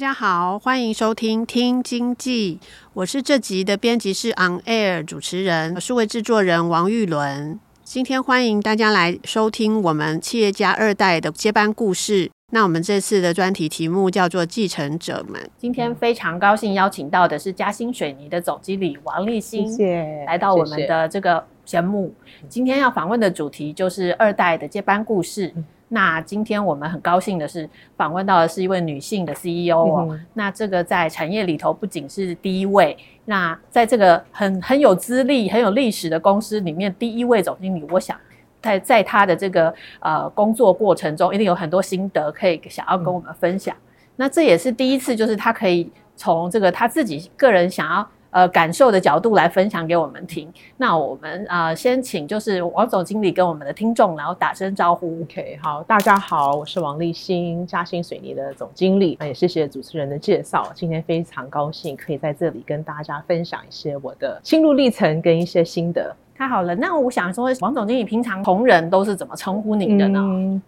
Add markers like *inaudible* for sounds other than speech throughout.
大家好，歡迎收聽《聽經濟》，我是這集的編輯室 On Air 主持人，數位製作人王鬱倫。今天歡迎大家來收聽我們企業家二代的接班故事。那我們這次的專題題目叫做《繼承者們》。今天非常高興邀請到的是嘉新水泥的總經理王立心謝謝，來到我們的這個節目謝謝。今天要訪問的主題就是二代的接班故事。那今天我們很高興的是訪問到的是一位女性的 CEO、哦嗯。那這個在產業裡頭不僅是第一位，那在這個很很有資歷、很有歷史的公司裡面第一位總經理，我想在在他的這個呃工作過程中，一定有很多心得可以想要跟我們分享。嗯、那這也是第一次，就是他可以從這個他自己個人想要。呃，感受的角度來分享給我們聽。那我們啊、呃，先請就是王總經理跟我們的聽眾，然後打聲招呼。OK，好，大家好，我是王立心，嘉新水泥的總經理。那、哎、也謝謝主持人的介紹，今天非常高興可以在這裡跟大家分享一些我的心路歷程跟一些心得。太好了，那我想說，王總經理平常同仁都是怎麼稱呼您的呢？嗯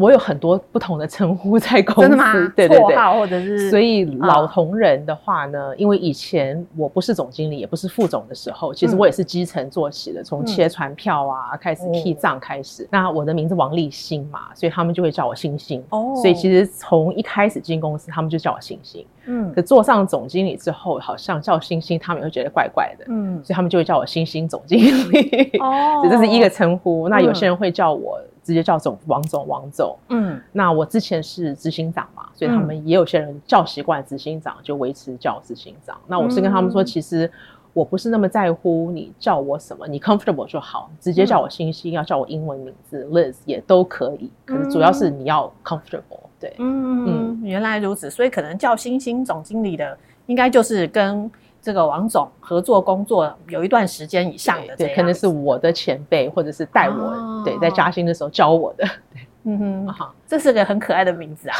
我有很多不同的稱呼在公司。真的嗎？對對對，或者是，所以老同仁的話呢、啊，因為以前我不是總經理，也不是副總的時候，嗯、其實我也是基層做起的，從切船票啊、嗯、開始記賬開始、哦。那我的名字王立心嘛，所以他們就會叫我心心。哦，所以其實從一開始進公司，他們就叫我心心。嗯，可坐上總經理之後，好像叫心心，他們也會覺得怪怪的。嗯，所以他們就會叫我心心總經理。哦，這 *laughs* 這是一個稱呼、哦。那有些人會叫我。嗯直接叫總，王總王總，嗯，那我之前是執行長嘛，所以他們也有些人叫習慣執行長，嗯、就維持叫執行長。那我是跟他們說、嗯，其實我不是那麼在乎你叫我什麼，你 comfortable 就好，直接叫我立心，嗯、要叫我英文名字 Liz 也都可以，可是主要是你要 comfortable、嗯。對，嗯嗯，原來如此，所以可能叫立心總經理的，應該就是跟。這個王總合作工作有一段時間以上的對，對，可能是我的前輩，或者是帶我、哦，對，在嘉新的時候教我的，對。嗯哼，好，這是個很可愛的名字啊。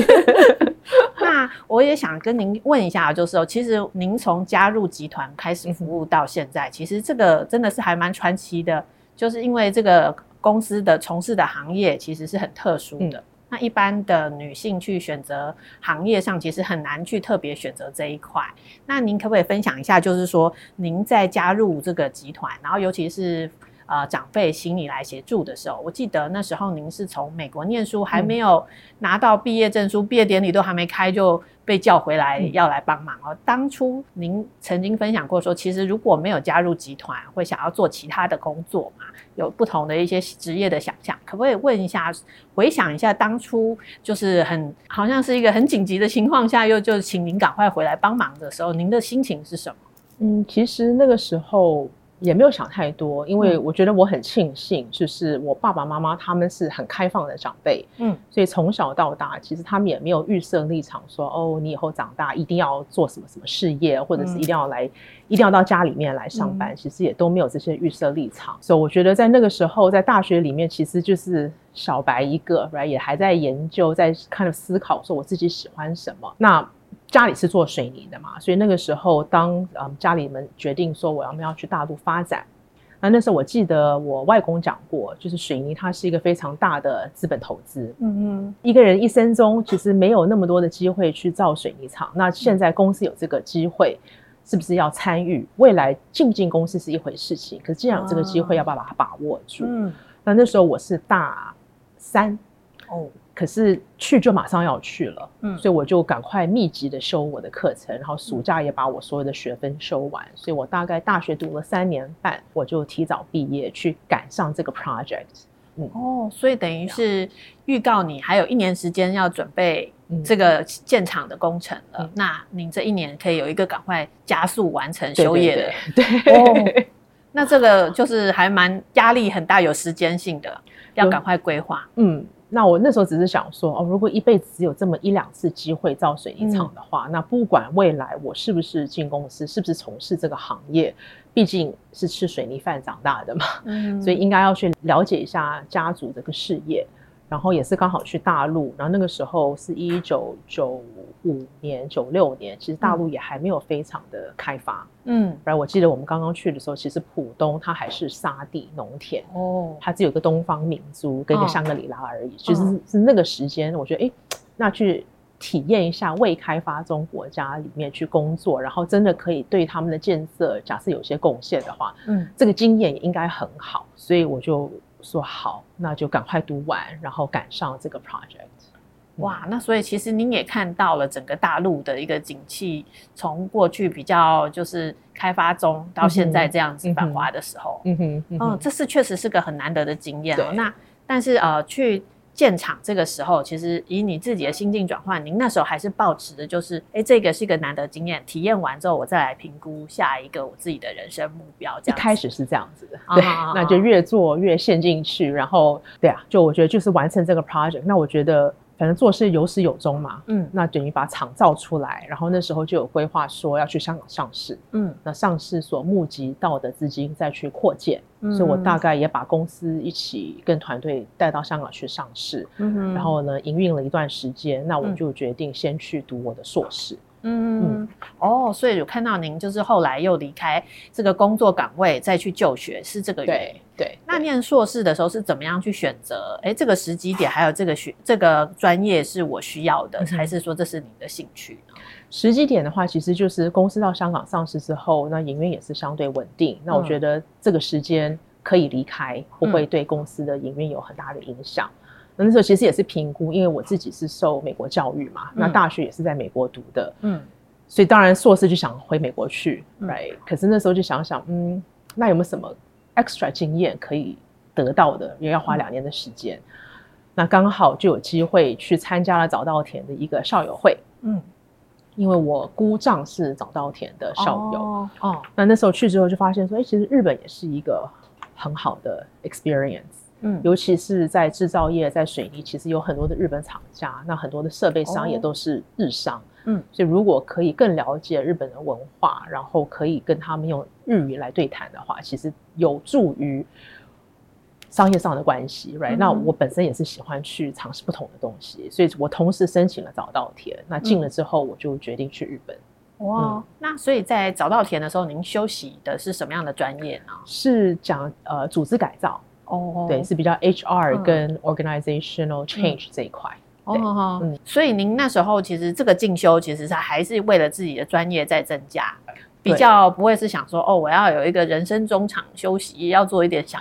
*laughs* *laughs* 那我也想跟您問一下就是說、哦，其實您從加入集團開始服務到現在、嗯，其實這個真的是還蠻傳奇的，就是因為這個公司的從事的行業其實是很特殊的。嗯那一般的女性去選擇行業上，其實很難去特別選擇這一塊。那您可不可以分享一下，就是說您在加入這個集團，然後尤其是，啊、呃，長輩請你來協助的時候，我記得那時候您是從美國念書，還沒有拿到畢業證書，嗯，畢業典禮都還沒開就被叫回來要來幫忙哦。當初您曾經分享過說，其實如果沒有加入集團，會想要做其他的工作嘛，有不同的一些職業的想象。可不可以問一下，回想一下當初就是很，好像是一個很緊急的情況下，又就請您趕快回來幫忙的時候，您的心情是什麼？嗯，其實那個時候。也沒有想太多，因為我覺得我很慶幸，就是我爸爸媽媽他們是很開放的長輩，嗯，所以從小到大，其實他們也沒有預設立場說，說哦，你以後長大一定要做什麼什麼事業，或者是一定要來，嗯、一定要到家裡面來上班，其實也都沒有這些預設立場。所、嗯、以、so, 我覺得在那個時候，在大學裡面，其實就是小白一個，來、right? 也還在研究，在看思考，說我自己喜歡什麼。那。家裡是做水泥的嘛，所以那個時候當，當嗯家裡們決定說我要不要去大陸發展，那那時候我記得我外公講過，就是水泥它是一個非常大的資本投資，嗯嗯，一個人一生中其實沒有那麼多的機會去造水泥廠，那現在公司有這個機會、嗯，是不是要參與？未來進不進公司是一回事情，情可是既然有這個機會，啊、要不要把它把握住。嗯，那那時候我是大三，哦、嗯。可是去就馬上要去了，嗯，所以我就趕快密集的修我的課程，然後暑假也把我所有的學分修完，嗯、所以我大概大學讀了三年半，我就提早畢業去趕上這個 project 嗯。嗯哦，所以等於是預告你還有一年時間要準備這個建廠的工程了，嗯、那您這一年可以有一個趕快加速完成修業的，對，對，對，對、 *laughs* 哦。那這個就是還蠻壓力很大，有時間性的，要趕快規劃，嗯。嗯那我那時候只是想說，哦，如果一輩子只有這麼一兩次機會造水泥廠的話，嗯，那不管未來我是不是進公司，是不是從事這個行業，畢竟是吃水泥飯長大的嘛，嗯，所以應該要去了解一下家族這個事業，然後也是剛好去大陸，然後那個時候是一九九五。五年九六年，其實大陸也還沒有非常的開發，嗯，然後我記得我們剛剛去的時候，其實浦東它還是沙地農田，哦，它只有個東方明珠跟一個香格里拉而已，其、哦、實、就是那個時間，我覺得，哎，那去體驗一下未開發中國家裡面去工作，然後真的可以對他們的建設，假設有些貢獻的話，嗯，這個經驗也應該很好，所以我就說好，那就趕快讀完，然後趕上這個 project。哇，那所以其實您也看到了整個大陸的一個景氣，從過去比較就是開發中到現在這樣子繁華的時候，嗯哼，哦、嗯嗯嗯嗯嗯，這是確實是個很難得的經驗。那但是呃，去建廠這個時候，其實以你自己的心境轉換，您那時候還是抱持的就是，哎、欸，這個是一個難得經驗，體驗完之後我再來評估下一個我自己的人生目標這樣子。一開始是這樣子的，對，哦哦哦哦，那就越做越陷進去，然後對啊，就我覺得就是完成這個 project，那我覺得。反正做事有始有終嘛，嗯，那等於把廠造出來，然後那時候就有規劃說要去香港上市，嗯，那上市所募集到的資金再去擴建，嗯，所以我大概也把公司一起跟團隊帶到香港去上市，嗯哼，然後呢，營運了一段時間，那我就決定先去讀我的碩士。嗯嗯，嗯哦，所以我看到您就是後來又離開這個工作崗位，再去就學是這個原因對對。對，那念碩士的時候是怎麼樣去選擇？哎，這個時機點還有這個學這個專業是我需要的，嗯、還是說這是你的興趣呢？時機點的話，其實就是公司到香港上市之後，那營運也是相對穩定。那我覺得這個時間可以離開，嗯、不會對公司的營運有很大的影響。那時候其實也是評估，因為我自己是受美國教育嘛、嗯，那大學也是在美國讀的，嗯，所以當然碩士就想回美國去、嗯、right 可是那時候就想想，嗯，那有沒有什麼 extra 經驗可以得到的？因為要花兩年的時間、嗯，那剛好就有機會去參加了早稻田的一個校友會，嗯，因為我姑丈是早稻田的校友，哦，那那時候去之後就發現說，說、欸、哎，其實日本也是一個很好的 experience。嗯，尤其是在製造業，在水泥，其實有很多的日本廠家，那很多的設備商也都是日商、哦。嗯，所以如果可以更了解日本的文化，然後可以跟他們用日語來對談的話，其實有助於商業上的關係。Right？、嗯、那我本身也是喜歡去嘗試不同的東西，所以我同時申請了早稻田。那進了之後，我就決定去日本。嗯、哇、嗯，那所以在早稻田的時候，您修習的是什麼樣的專業呢？是講呃組織改造。哦、oh,，對，是比較 HR 跟 organizational change、嗯、這一塊。哦，oh, oh, oh. 嗯，所以您那時候其實這個進修其實是還是為了自己的專業在增加，比較不會是想說哦，我要有一個人生中場休息，要做一點想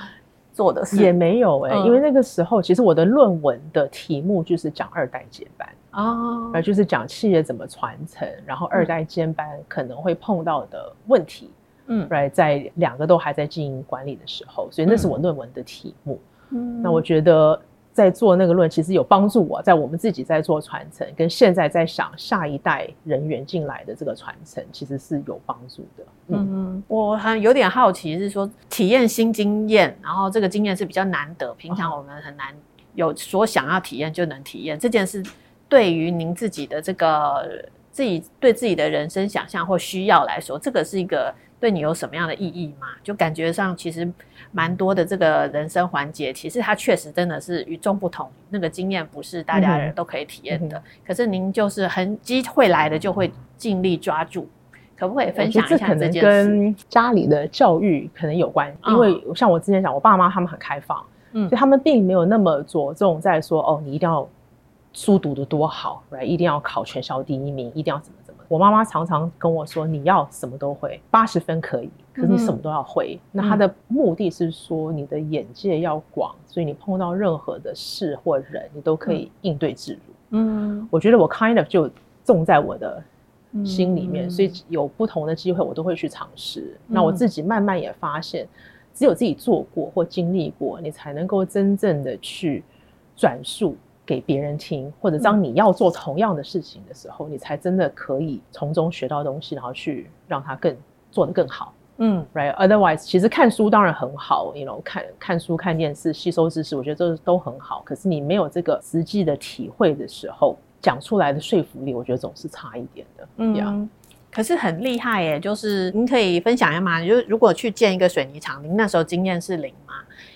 做的事也沒有哎、欸嗯，因為那個時候其實我的論文的題目就是講二代接班啊，oh. 而就是講企業怎麼傳承，然後二代接班可能會碰到的問題。嗯，t、right, 在兩個都還在經營管理的時候，所以那是我論文的題目。嗯，那我覺得在做那個論，其實有幫助我、啊、在我們自己在做傳承，跟現在在想下一代人員進來的這個傳承，其實是有幫助的。嗯嗯，我很有點好奇，是說體驗新經驗，然後這個經驗是比較難得，平常我們很難、哦、有所想要體驗就能體驗這件事。對於您自己的這個自己對自己的人生想象或需要來說，這個是一個。對你有什麼樣的意義嗎？就感覺上其實蠻多的這個人生環節，其實它確實真的是與眾不同。那個經驗不是大家人都可以體驗的。嗯、可是您就是很機會來的就會盡力抓住，可不可以分享一下這件事？這可能跟家裡的教育可能有關，因為像我之前講，我爸媽他們很開放，嗯、所以他們並沒有那麼着重在說哦，你一定要書讀的多好，一定要考全校第一名，一定要怎麼做。我媽媽常常跟我說：“你要什麼都會，八十分可以，可是你什麼都要會。嗯”那她的目的是說、嗯、你的眼界要廣，所以你碰到任何的事或人，你都可以應對自如。嗯，我覺得我 kind of 就種在我的心裡面，嗯、所以有不同的機會，我都會去嘗試、嗯。那我自己慢慢也發現，只有自己做過或經歷過，你才能夠真正的去轉述給別人聽，或者當你要做同樣的事情的時候、嗯，你才真的可以從中學到東西，然後去讓它更做得更好。嗯，right，otherwise，其實看書當然很好，you know，看看書、看電視、吸收知識，我覺得這都很好。可是你沒有這個實際的體會的時候，講出來的說服力，我覺得總是差一點的。嗯。Yeah 可是很厲害耶、欸，就是您可以分享一下嗎？就如果去建一個水泥廠，您那時候經驗是零嗎？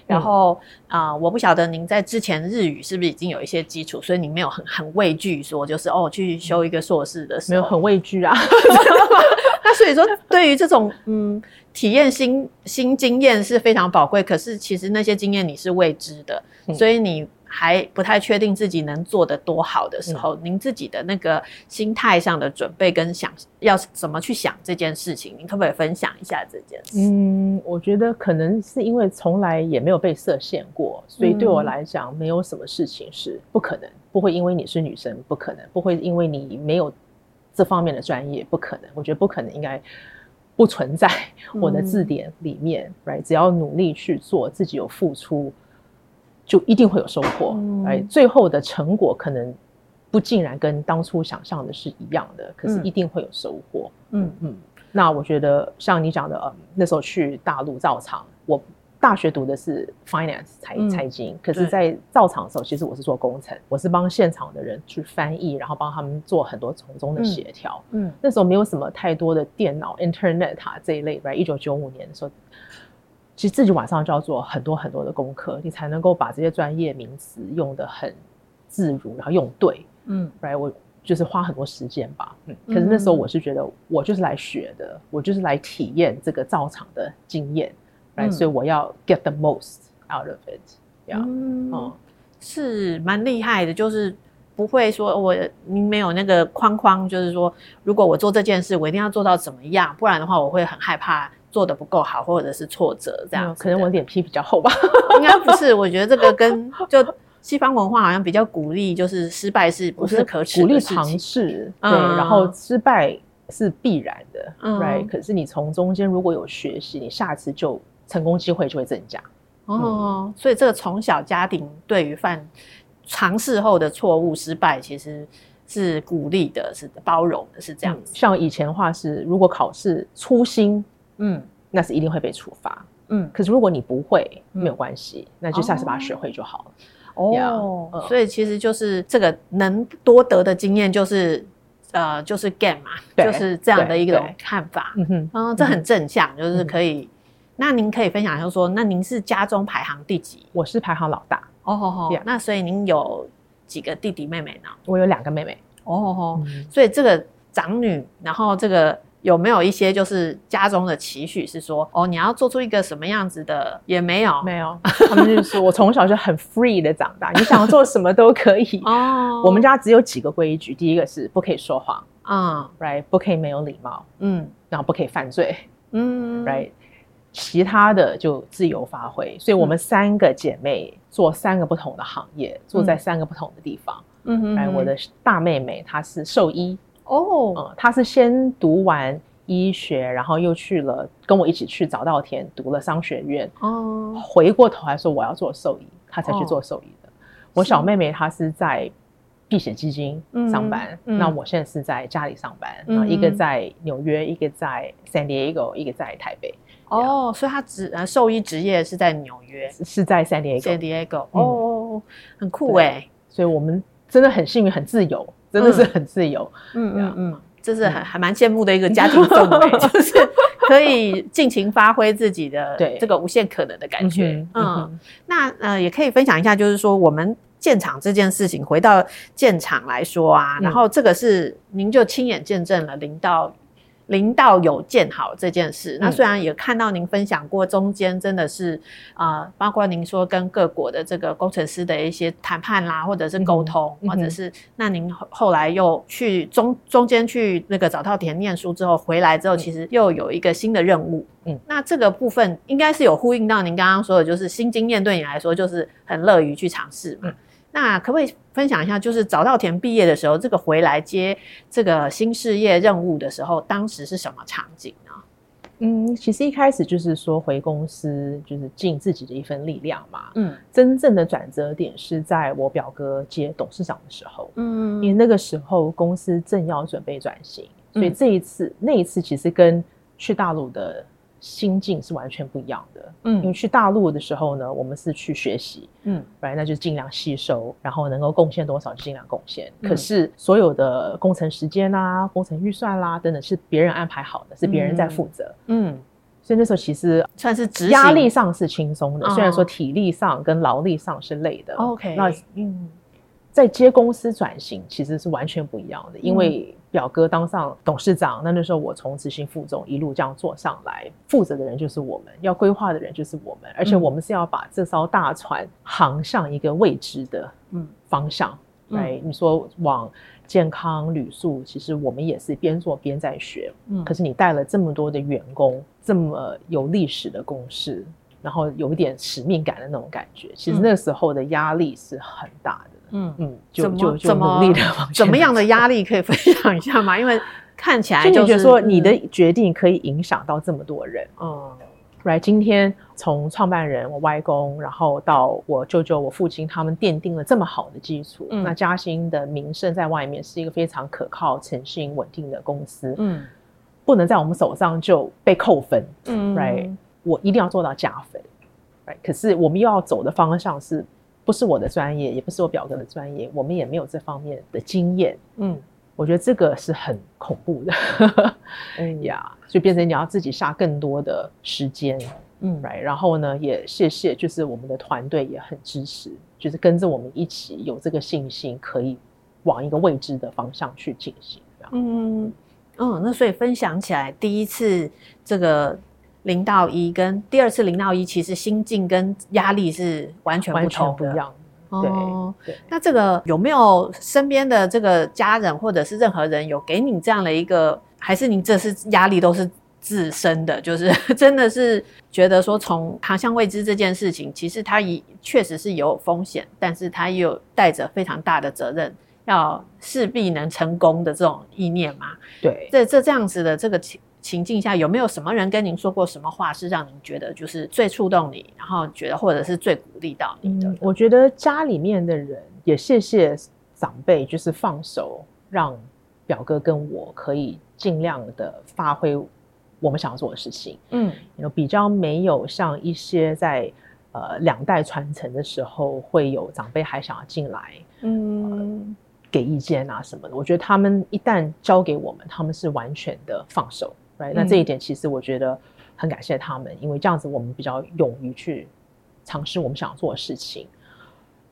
然後啊、嗯呃，我不曉得您在之前日語是不是已經有一些基礎，所以你沒有很很畏懼，說就是哦，去修一個碩士的、嗯，沒有很畏懼啊。 *laughs* *laughs* 那所以說，對於這種嗯，體驗新新經驗是非常寶貴，可是其實那些經驗你是未知的，嗯、所以你。還不太確定自己能做的多好的時候、嗯，您自己的那個心態上的準備跟想要怎麼去想這件事情，您可不可以分享一下這件事。嗯，我覺得可能是因為從來也沒有被設限過，所以對我來講，嗯、沒有什麼事情是不可能。不會因為你是女生不可能，不會因為你沒有這方面的專業不可能。我覺得不可能應該不存在我的字典裡面。Right，、嗯、只要努力去做，自己有付出。就一定會有收穫，哎、嗯，最後的成果可能不盡然跟當初想象的是一樣的，可是一定會有收穫。嗯嗯，那我覺得像你講的，呃、那時候去大陸造廠，我大學讀的是 finance 財財經、嗯，可是在造廠的時候，其實我是做工程，我是幫現場的人去翻譯，然後幫他們做很多從中的協調。嗯，那時候沒有什麼太多的電腦、internet、啊、這一類，來一九九五年的時候其實自己晚上就要做很多很多的功課，你才能夠把這些專業名詞用得很自如，然後用對，嗯，t、right, 我就是花很多時間吧，嗯。可是那時候我是覺得，我就是來學的，我就是來體驗這個造廠的經驗，來、嗯，right, 所以我要 get the most out of it，要、yeah, 嗯，嗯，是蠻厲害的，就是不會說我你沒有那個框框，就是說如果我做這件事，我一定要做到怎麼樣，不然的話我會很害怕。做得不夠好，或者是挫折，這樣、嗯、可能我臉皮比較厚吧。應該不是， *laughs* 我覺得這個跟就西方文化好像比較鼓勵，就是失敗是不是可恥？鼓勵嘗試，對，然後失敗是必然的，對、嗯。Right? 可是你從中間如果有學習，你下次就成功機會就會增加、嗯嗯。哦，所以這個從小家庭對於犯嘗試後的錯誤、失敗，其實是鼓勵的是，是包容的，是這樣子。嗯、像以前的話是，如果考試粗心。嗯，那是一定會被處罰。嗯，可是如果你不會，嗯、沒有關係、嗯，那就下次把它學會就好了。哦、oh. yeah.，oh. 所以其實就是這個能多得的經驗，就是呃，就是 game 嘛，就是這樣的一種看法。嗯哼嗯，啊，這很正向，就是可以。嗯、那您可以分享一下，說那您是家中排行第幾？嗯、我是排行老大。哦、oh, oh, oh. yeah. 那所以您有幾個弟弟妹妹呢？我有兩個妹妹。哦、oh, oh, oh. 嗯、所以這個長女，然後這個。有沒有一些就是家中的期許是說哦，你要做出一個什麼樣子的？也沒有，沒有。他們就是說我從小就很 free 的長大， *laughs* 你想要做什麼都可以。哦、oh.，我們家只有幾個規矩，第一個是不可以說謊啊、um,，right？不可以沒有禮貌，嗯、um,，然後不可以犯罪，嗯、um,，right？其他的就自由發揮。所以我們三個姐妹做三個不同的行業，um, 住在三個不同的地方。嗯，然後，我的大妹妹她是獸醫。.哦、oh.，嗯，他是先讀完醫學，然後又去了跟我一起去早稻田讀了商學院。哦、oh.，回過頭來說我要做獸醫，他才去做獸醫的。Oh. 我小妹妹她是在，避險基金上班，那、mm -hmm. 我現在是在家裡上班，mm -hmm. 一個在紐約，一個在 San Diego，一個在台北。哦、oh,，所以他職呃獸醫職業是在紐約，是，是在 San Diego。San Diego，哦、oh, 嗯，oh, 很酷哎、欸。所以我們真的很幸運，很自由。真的是很自由，嗯 yeah, 嗯，嗯，這是還、嗯、還蠻羨慕的一個家庭氛圍， *laughs* 就是可以盡情發揮自己的這個無限可能的感覺。嗯，嗯，嗯，嗯，那呃也可以分享一下，就是說我們建廠這件事情，回到建廠來說啊，然後這個是、嗯、您就親眼見證了零到。零到有建好這件事，那雖然也看到您分享過，中間真的是啊、嗯呃，包括您說跟各國的這個工程師的一些談判啦，或者是溝通，嗯、或者是、嗯、那您後來又去中中間去那個早稻田念書之後，回來之後，其實又有一個新的任務。嗯，那這個部分應該是有呼應到您剛剛說的，就是新經驗對你來說就是很樂於去嘗試。嗯。那可不可以分享一下，就是早稻田畢業的時候，這個回來接這個新事業任務的時候，當時是什麼場景呢？嗯，其實一開始就是說回公司，就是盡自己的一份力量嘛。嗯，真正的轉折點是在我表哥接董事長的時候。嗯，因為那個時候公司正要準備轉型，所以這一次、嗯、那一次其實跟去大陸的。心境是完全不一樣的，嗯，因為去大陸的時候呢，我們是去學習，嗯，反正那就儘量吸收，然後能夠貢獻多少就儘量貢獻、嗯。可是所有的工程時間啊、工程預算啦、啊、等等是別人安排好的，嗯、是別人在負責，嗯，所以那時候其實算是壓力上是輕鬆的，雖然說體力上跟勞力上是累的，OK，那嗯。那在接公司轉型，其實是完全不一樣的。因為表哥當上董事長，那、嗯、那時候我從執行副總一路這樣坐上來，負責的人就是我們，要規劃的人就是我們，而且我們是要把這艘大船航向一個未知的嗯方向嗯。來，你說往健康旅宿，其實我們也是邊做邊在學。嗯，可是你帶了這麼多的員工，這麼有歷史的公司，然後有一點使命感的那種感覺，其實那時候的壓力是很大的。嗯嗯，就麼就就努力的方向。怎麼樣的壓力可以分享一下嗎？因為看起來就是就你覺得說你的決定可以影響到這麼多人。嗯，Right，、嗯嗯、今天從創辦人我外公，然後到我舅舅、我父親，他們奠定了這麼好的基礎、嗯。那嘉新的名聲在外面是一個非常可靠、誠信、穩定的公司。嗯，不能在我們手上就被扣分。嗯，Right，我一定要做到加分。Right，可是我們又要走的方向是。不是我的專業，也不是我表哥的專業，嗯，我們也沒有這方面的經驗。嗯，我覺得這個是很恐怖的。哎、 *laughs* 嗯、呀，就變成你要自己下更多的時間。嗯，然後呢，也謝謝，就是我們的團隊也很支持，就是跟着我們一起有這個信心，可以往一個未知的方向去進行。這樣。嗯嗯，那所以分享起來，第一次這個。零到一跟第二次零到一，其實心境跟壓力是完全不同的，完全不一樣。哦，那這個有沒有身邊的這個家人或者是任何人有給你這樣的一個，還是你這是壓力都是自身的？就是真的是覺得說，從航向未知這件事情，其實它也確實是有風險，但是它又帶着非常大的責任，要勢必能成功的這種意念嘛？對，這這這樣子的這個情。情境下有沒有什麼人跟您說過什麼話，是讓您覺得就是最觸動你，然後覺得或者是最鼓勵到你的？我覺得家裡面的人也謝謝長輩，就是放手，讓表哥跟我可以儘量的發揮我們想要做的事情。嗯，有比較沒有像一些在呃兩代傳承的時候，會有長輩還想要進來，嗯、呃，給意見啊什麼的。我覺得他們一旦交給我們，他們是完全的放手。嗯，那這一點其實我覺得很感謝他們，因為這樣子我們比較勇於去嘗試我們想做的事情。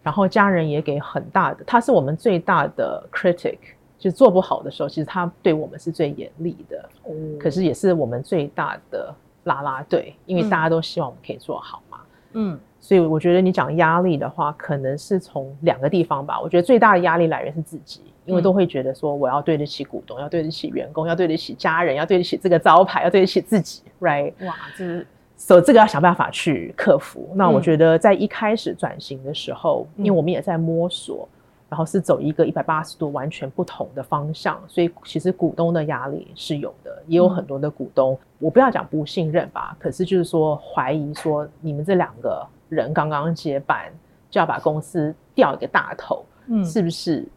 然後家人也給很大的，他是我們最大的 critic，就是做不好的時候，其實他對我們是最嚴厲的，嗯。可是也是我們最大的拉拉隊，因為大家都希望我們可以做好嘛。嗯。所以我覺得你講壓力的話，可能是從兩個地方吧。我覺得最大的壓力來源是自己，因為都會覺得說我要對得起股東，要對得起員工，要對得起家人，要對得起這個招牌，要對得起自己，right？哇，這、就是，所以、so, 這個要想辦法去克服。那我覺得在一開始轉型的時候，嗯、因為我們也在摸索，然後是走一個一百八十度完全不同的方向，所以其實股東的壓力是有的，也有很多的股東，嗯、我不要講不信任吧，可是就是說懷疑說你們這兩個。人剛剛接班就要把公司調一個大頭，嗯，是不是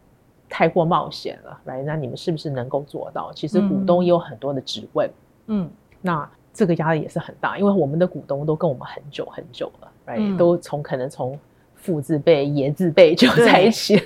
太過冒險了？來，那你們是不是能夠做到？其實股東也有很多的質問，嗯，那這個壓力也是很大，因為我們的股東都跟我們很久很久了，來，嗯、都從可能從父字輩、爺字輩就在一起了，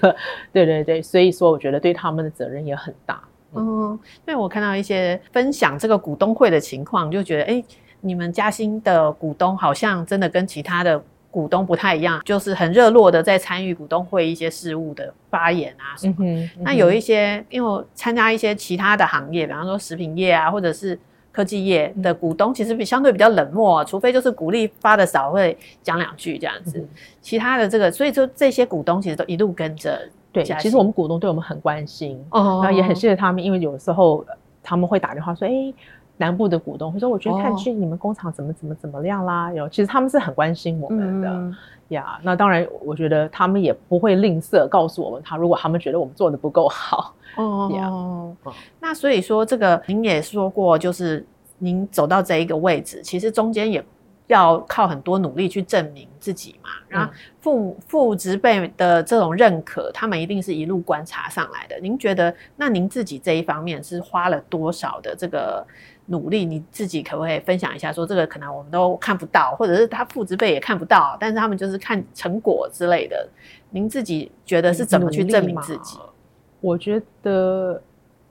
對， *laughs* 對對對，所以說我覺得對他們的責任也很大。嗯，嗯因為我看到一些分享這個股東會的情況，就覺得哎，你們嘉新的股東好像真的跟其他的。股東不太一樣，就是很熱絡的在參與股東會一些事務的發言啊，嗯，哼嗯哼，那有一些因為參加一些其他的行業，比方說食品業啊，或者是科技業的股東，其實比相對比較冷漠，啊，除非就是股利發的少會講兩句這樣子，嗯。其他的這個，所以就這些股東其實都一路跟着。對，其實我們股東對我們很關心，哦，然後也很謝謝他們，因為有時候他們會打電話說，哎。南部的股東會說：“我覺得看去你們工廠怎麼怎麼怎麼樣啦。Oh. ”有其實他們是很關心我們的呀。Mm. Yeah, 那當然，我覺得他們也不會吝嗇告訴我們他，他如果他們覺得我們做的不夠好。哦、oh. yeah.，oh. 那所以說這個，您也說過，就是您走到這一個位置，其實中間也要靠很多努力去證明自己嘛。那父父執輩的這種認可，他們一定是一路觀察上來的。您覺得，那您自己這一方面是花了多少的這個？努力，你自己可不可以分享一下？說這個可能我們都看不到，或者是他父執輩也看不到，但是他們就是看成果之類的。您自己覺得是怎麼去證明自己？我覺得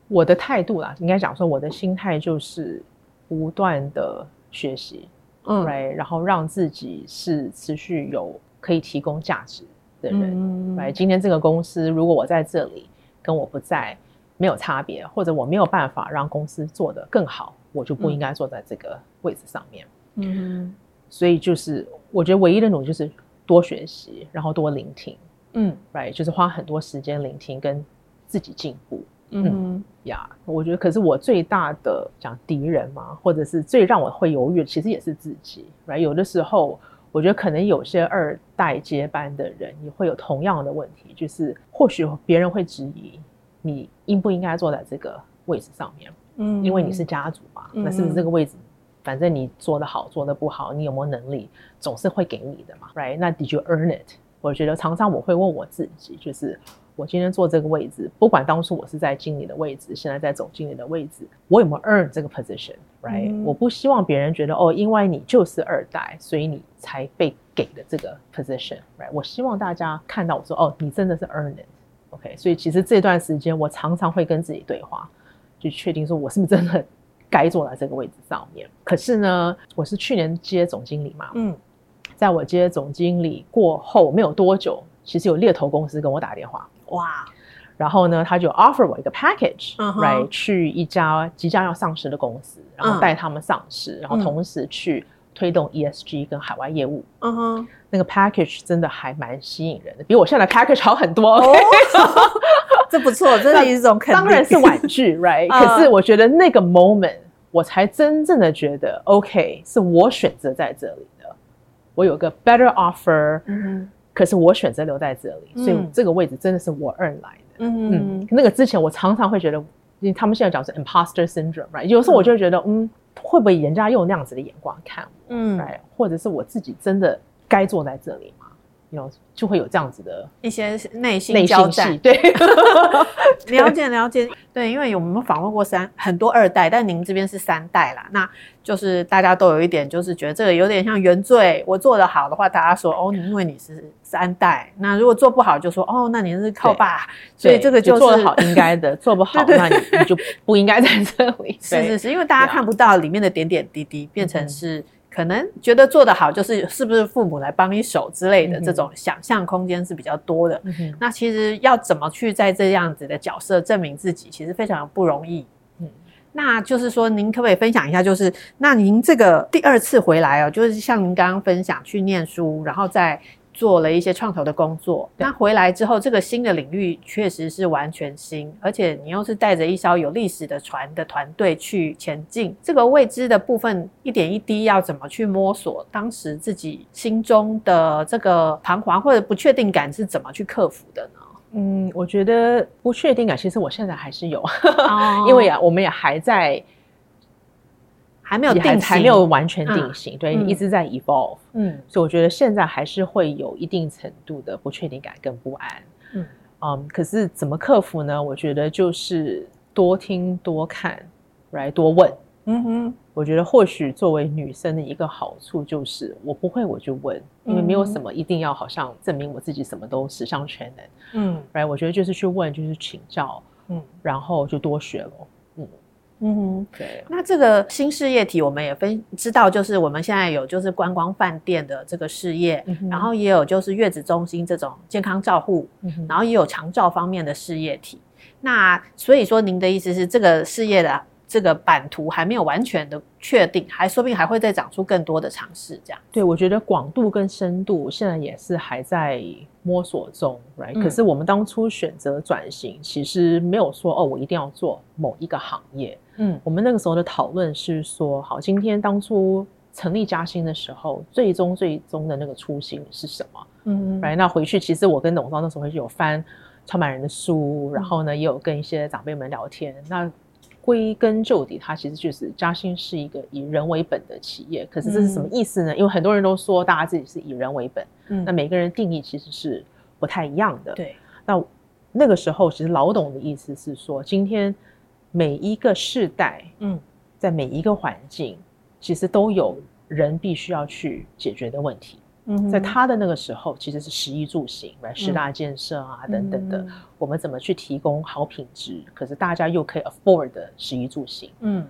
我的態度啦，應該講說我的心態就是不斷的學習，嗯，right? 然後讓自己是持續有可以提供價值的人。來、嗯，right? 今天這個公司如果我在這裡，跟我不在沒有差別，或者我沒有辦法讓公司做得更好。我就不應該坐在這個位置上面，嗯，所以就是我覺得唯一的努力就是多學習，然後多聆聽，嗯，right，就是花很多時間聆聽跟自己進步，嗯，呀、嗯，yeah, 我覺得可是我最大的講敵人嘛，或者是最讓我會猶豫的，其實也是自己，right，有的時候我覺得可能有些二代接班的人也會有同樣的問題，就是或許別人會質疑你應不應該坐在這個位置上面。嗯，因為你是家族嘛、嗯，那是不是這個位置，反正你做得好，做得不好，你有沒有能力，總是會給你的嘛，right？那 Did you earn it？我覺得常常我會問我自己，就是我今天坐這個位置，不管當初我是在經理的位置，現在在總經理的位置，我有沒有 earn 這個 position，right？嗯、我不希望別人覺得哦，因為你就是二代，所以你才被給的這個 position，right？我希望大家看到我說哦，你真的是 earn it，OK？Okay? 所以其實這段時間我常常會跟自己對話。去確定說我是不是真的該坐在這個位置上面？可是呢，我是去年接總經理嘛，嗯，在我接總經理過後沒有多久，其實有獵頭公司跟我打電話，哇，然後呢，他就 offer 我一個 package 來、Uh-huh. right, 去一家即將要上市的公司，然後帶他們上市，Uh-huh. 然後同時去推動 ESG 跟海外業務，嗯哼，那個 package 真的還蠻吸引人的，比我現在的 package 好很多。Okay? Oh. *laughs* 不錯，真的是一種肯定，當然是婉拒 *laughs* right？可是我覺得那個 moment、uh, 我才真正的覺得 OK，是我選擇在這裡的。我有個 better offer，、嗯、可是我選擇留在這裡，所以這個位置真的是我 earn 來的。嗯嗯，那個之前我常常會覺得，因為他們現在講是 imposter syndrome，right？有時候我就覺得，嗯，會不會人家用那樣子的眼光看我，嗯，right？或者是我自己真的該坐在這裡嗎？有就會有這樣子的一些內心交戰，對， *laughs* 了解了解，對，因為我們訪問過三很多二代，但您這邊是三代啦。那就是大家都有一點，就是覺得這個有點像原罪。我做的好的話，大家說哦，因為你是三代；那如果做不好，就說哦，那你是靠爸。對，所以這個就是就做得好應該的，做不好 *laughs* 那你就不應該在這回事。是是是，因為大家看不到裡面的點點滴滴，變成是。可能覺得做得好，就是是不是父母來幫你手之類的，這種想象空間是比較多的。嗯。那其實要怎麼去在這樣子的角色證明自己，其實非常不容易。嗯，那就是說，您可不可以分享一下，就是那您這個第二次回來哦，就是像您剛剛分享去念書，然後再。做了一些創投的工作，那回來之後，這個新的領域確實是完全新，而且你又是帶着一艘有歷史的船的團隊去前進，這個未知的部分一點一滴要怎麼去摸索？當時自己心中的這個彷徨，或者不確定感是怎麼去克服的呢？嗯，我覺得不確定感其實我現在還是有，oh. 因為呀，我們也還在。還沒有定型還，還沒有完全定型，啊、對，你一直在 evolve。嗯，所以我覺得現在還是會有一定程度的不確定感，跟不安嗯。嗯，可是怎麼克服呢？我覺得就是多聽、多看，來多問。嗯哼，我覺得或許作為女生的一個好處就是，我不會我就問，嗯、因為沒有什麼一定要好像證明我自己什麼都十項全能。嗯，來，我覺得就是去問，就是請教。嗯，然後就多學了。嗯，對。那這個新事業體，我們也分知道，就是我們現在有就是觀光飯店的這個事業，mm-hmm. 然後也有就是月子中心這種健康照護，mm-hmm. 然後也有長照方面的事業體。那所以說，您的意思是這個事業的這個版圖還沒有完全的確定，還說不定還會再長出更多的嘗試，這樣？對，我覺得廣度跟深度現在也是還在摸索中，right？嗯，可是我們當初選擇轉型，其實沒有說哦，我一定要做某一個行業。嗯，我們那個時候的討論是說，好，今天當初成立嘉新的時候，最終最終的那個初心是什麼？嗯，來、right，那回去其實我跟董方那時候有翻創辦人的書，嗯，然後呢，也有跟一些長輩們聊天。那歸根究底，它其實就是嘉新是一個以人為本的企業。可是這是什麼意思呢？嗯？因為很多人都說大家自己是以人為本，嗯，那每個人定義其實是不太一樣的。對，那那個時候其實老董的意思是說，今天。每一個世代，嗯，在每一個環境，其實都有人必須要去解決的問題。嗯，在他的那個時候，其實是食衣住行、十大建設啊、嗯、等等的，我們怎麼去提供好品質，可是大家又可以 afford 的食衣住行。嗯，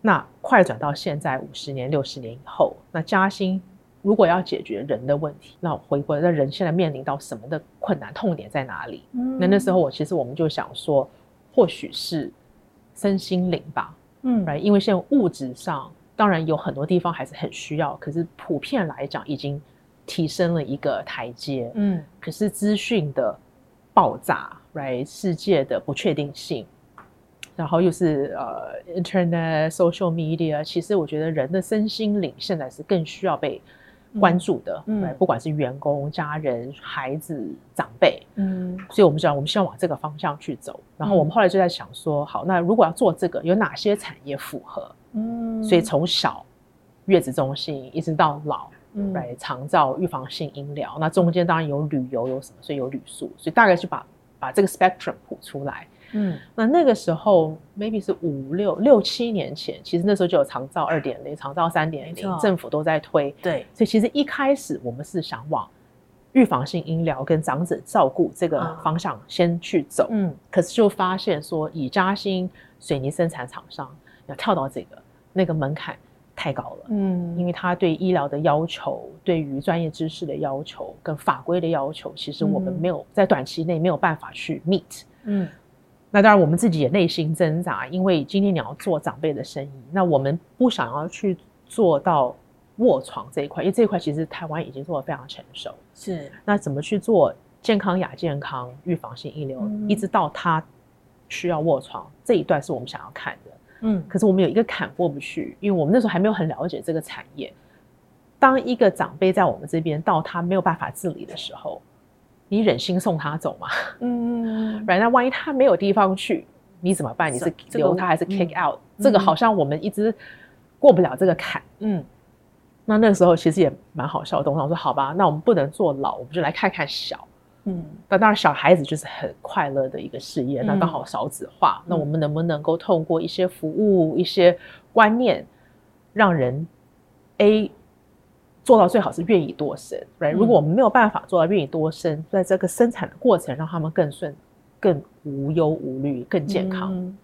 那快轉到現在五十年、六十年以後，那嘉新如果要解決人的問題，那我回歸那人現在面臨到什麼的困難，痛點在哪裡、嗯？那那時候我其實我們就想說，或許是。身心靈吧，嗯，因為現在物質上當然有很多地方還是很需要，可是普遍來講已經提升了一個台階，嗯，可是資訊的爆炸，世界的不確定性，然後又是呃，Internet、Social Media，其實我覺得人的身心靈現在是更需要被。關注的，嗯，不管是員工、家人、孩子、長輩，嗯，所以我們知道，我們希望往這個方向去走。然後我們後來就在想說，嗯，好，那如果要做這個，有哪些產業符合？嗯，所以從小月子中心一直到老，嗯，來長照預防性醫療，嗯，那中間當然有旅遊，有什麼？所以有旅宿，所以大概是把把這個 spectrum 捕出來。嗯，那那個時候 maybe 是五六六七年前，其實那時候就有長照二點零、長照三點零，政府都在推。對，所以其實一開始我們是想往預防性醫療跟長者照顧這個方向先去走。啊、嗯，可是就發現說，以嘉新水泥生產廠商要跳到這個那個門檻太高了。嗯，因為他對醫療的要求、對於專業知識的要求跟法規的要求，其實我們沒有、嗯、在短期內沒有辦法去 meet。嗯。那當然，我們自己也內心掙扎，因為今天你要做長輩的生意，那我們不想要去做到臥床這一塊，因為這一塊其實台灣已經做得非常成熟。是，那怎麼去做健康、亞健康、預防性醫療、嗯，一直到他需要臥床這一段，是我們想要看的。嗯。可是我們有一個坎過不去，因為我們那時候還沒有很了解這個產業。當一個長輩在我們這邊到他沒有辦法自理的時候。你忍心送他走嗎？嗯，Right，那萬一他沒有地方去，你怎麼辦？你是留他還是 kick out？這個嗯、這個好像我們一直過不了這個坎。嗯，那那個時候其實也蠻好笑的。我跟他說：“好吧，那我們不能做老，我們就來看看小。”嗯，那當然小孩子就是很快樂的一個事業。嗯、那剛好少子化、嗯，那我們能不能夠透過一些服務、一些觀念，讓人 A。做到最好是願意多生，right? 如果我們沒有辦法做到願意多生，嗯、在這個生產的過程，讓他們更順、更無憂無慮、更健康。嗯、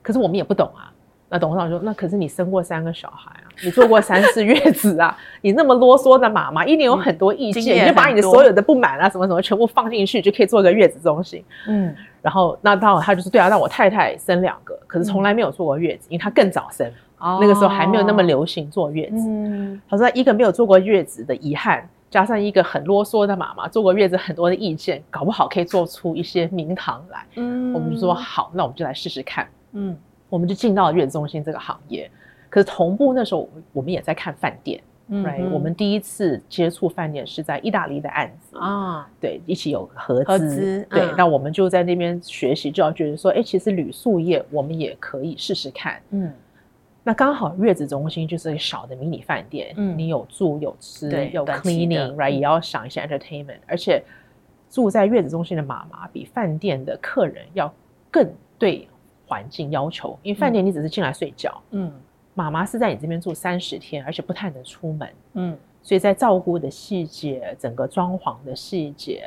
可是我們也不懂啊。那董事長說：“那可是你生過三個小孩啊，你坐過三次月子啊， *laughs* 你那麼囉嗦的媽媽，一定有很多意見。嗯、你就把你的所有的不滿啊，什麼什麼全部放進去，就可以做個月子中心。”嗯。然後那當然他就是對啊，讓我太太生兩個，可是從來沒有坐過月子、嗯，因為她更早生。”那個時候還沒有那麼流行坐月子。他、哦嗯、說一個沒有坐過月子的遺憾，加上一個很囉嗦的媽媽，坐過月子很多的意見，搞不好可以做出一些名堂來。嗯，我們就說好，那我們就來試試看。嗯，我們就進到月子中心這個行業。可是同步那時候我，我們也在看飯店。嗯，right, 我們第一次接觸飯店是在意大利的案子啊，對，一起有合資,合資、啊。對，那我們就在那邊學習，就要覺得說，哎，其實旅宿業我們也可以試試看。嗯。那剛好月子中心就是小的迷你飯店，嗯，你有住有吃對，有 cleaning，right，也要想一些 entertainment，嗯。而且住在月子中心的媽媽比飯店的客人要更對環境要求，因為飯店你只是進來睡覺，嗯，媽媽是在你這邊住三十天，而且不太能出門，嗯，所以在照顧的細節、整個裝潢的細節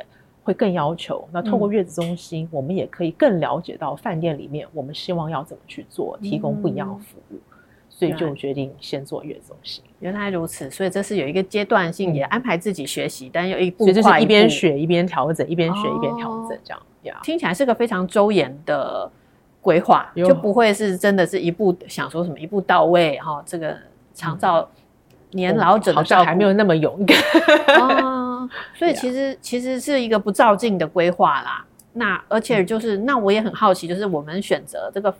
會更要求。那透過月子中心，嗯，我們也可以更了解到飯店裡面我們希望要怎麼去做，提供不一樣的服務。嗯嗯所以就決定先做月子中心。原來如此，所以這是有一個階段性，嗯、也安排自己學習，但有一,一步。就是一邊學一邊調整，一邊學一邊調整這樣。哦、這樣聽起來是個非常周延的規劃，就不會是真的是一步想說什麼一步到位哈、哦。這個長照年老者、嗯哦、好像還沒有那麼勇敢、 *laughs* 哦。所以其實、啊、其實是一個不照鏡的規劃啦。那而且就是、嗯、那我也很好奇，就是我們選擇這個。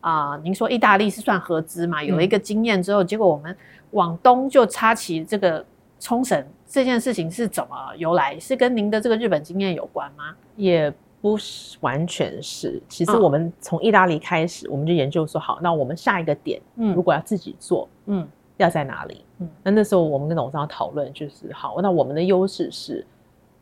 啊、呃，您說意大利是算合資嘛？有一個經驗之後，嗯、結果我們往東就插旗這個沖繩這件事情是怎麼由來？是跟您的這個日本經驗有關嗎？也不是完全是。其實我們從意大利開始，我們就研究說、哦，好，那我們下一個點，嗯，如果要自己做，嗯，要在哪裡？嗯，嗯那那時候我們跟董事長討論，就是好，那我們的優勢是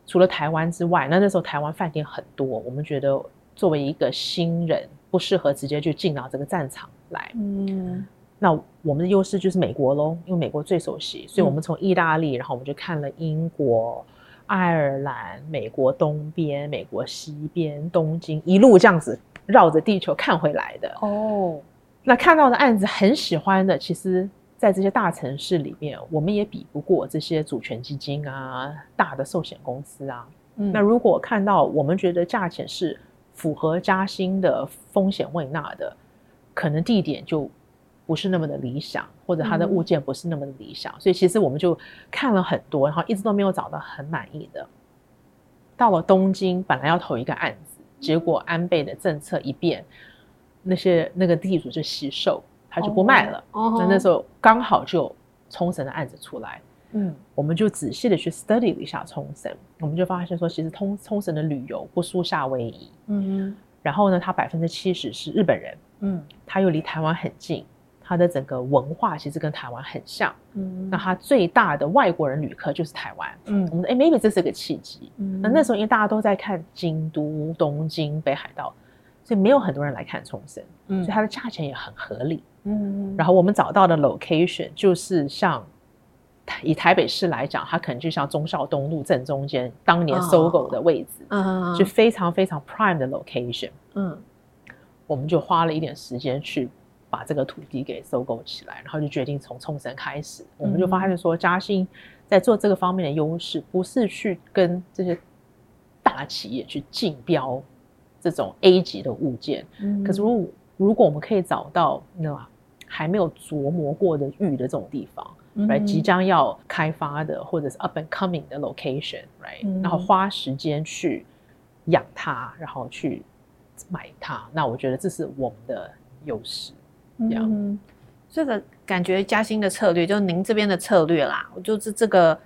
除了台灣之外，那那時候台灣飯店很多，我們覺得作為一個新人。不適合直接就進到這個戰場來。嗯，那我們的優勢就是美國咯，因為美國最熟悉，所以我們從意大利，嗯、然後我們就看了英國、愛爾蘭、美國東邊、美國西邊、東京一路這樣子繞着地球看回來的。哦，那看到的案子很喜歡的，其實，在這些大城市裡面，我們也比不過這些主權基金啊、大的壽險公司啊。嗯，那如果看到我們覺得價錢是。符合嘉新的風險胃納的可能地點就不是那麼的理想，或者他的物件不是那麼的理想、嗯，所以其實我們就看了很多，然後一直都沒有找到很滿意的。到了東京，本來要投一個案子，結果安倍的政策一變，那些那個地主就惜售，他就不賣了。那、哦、那時候剛好就沖繩的案子出來。嗯，我們就仔細的去 study 了一下沖繩，我們就發現說，其實沖沖繩的旅遊不輸夏威夷。嗯，然後呢，它百分之七十是日本人。嗯，它又離台灣很近，它的整個文化其實跟台灣很像。嗯，那它最大的外國人旅客就是台灣。嗯，我們說，哎、欸，maybe 這是個契機。嗯，那那時候因為大家都在看京都、東京、北海道，所以沒有很多人來看沖繩。嗯，所以它的價錢也很合理。嗯，然後我們找到的 location 就是像。以台北市來講，它可能就像忠孝東路正中間當年 SOGO 的位置，oh, uh, uh, uh, 就非常非常 prime 的 location。嗯，我們就花了一點時間去把這個土地給收購起來，然後就決定從沖繩開始。我們就發現說，嘉、嗯、新在做這個方面的優勢，不是去跟這些大企業去競標這種 A 級的物件。嗯、可是如果如果我們可以找到那還沒有琢磨過的玉的這種地方。來、right, mm -hmm. 即將要開發的或者是 up and coming 的 location，right? mm -hmm. 然後花時間去養它，然後去買它，那我覺得這是我們的優勢。Mm -hmm. 這樣，這個感覺嘉新的策略就您這邊的策略啦，我就是這個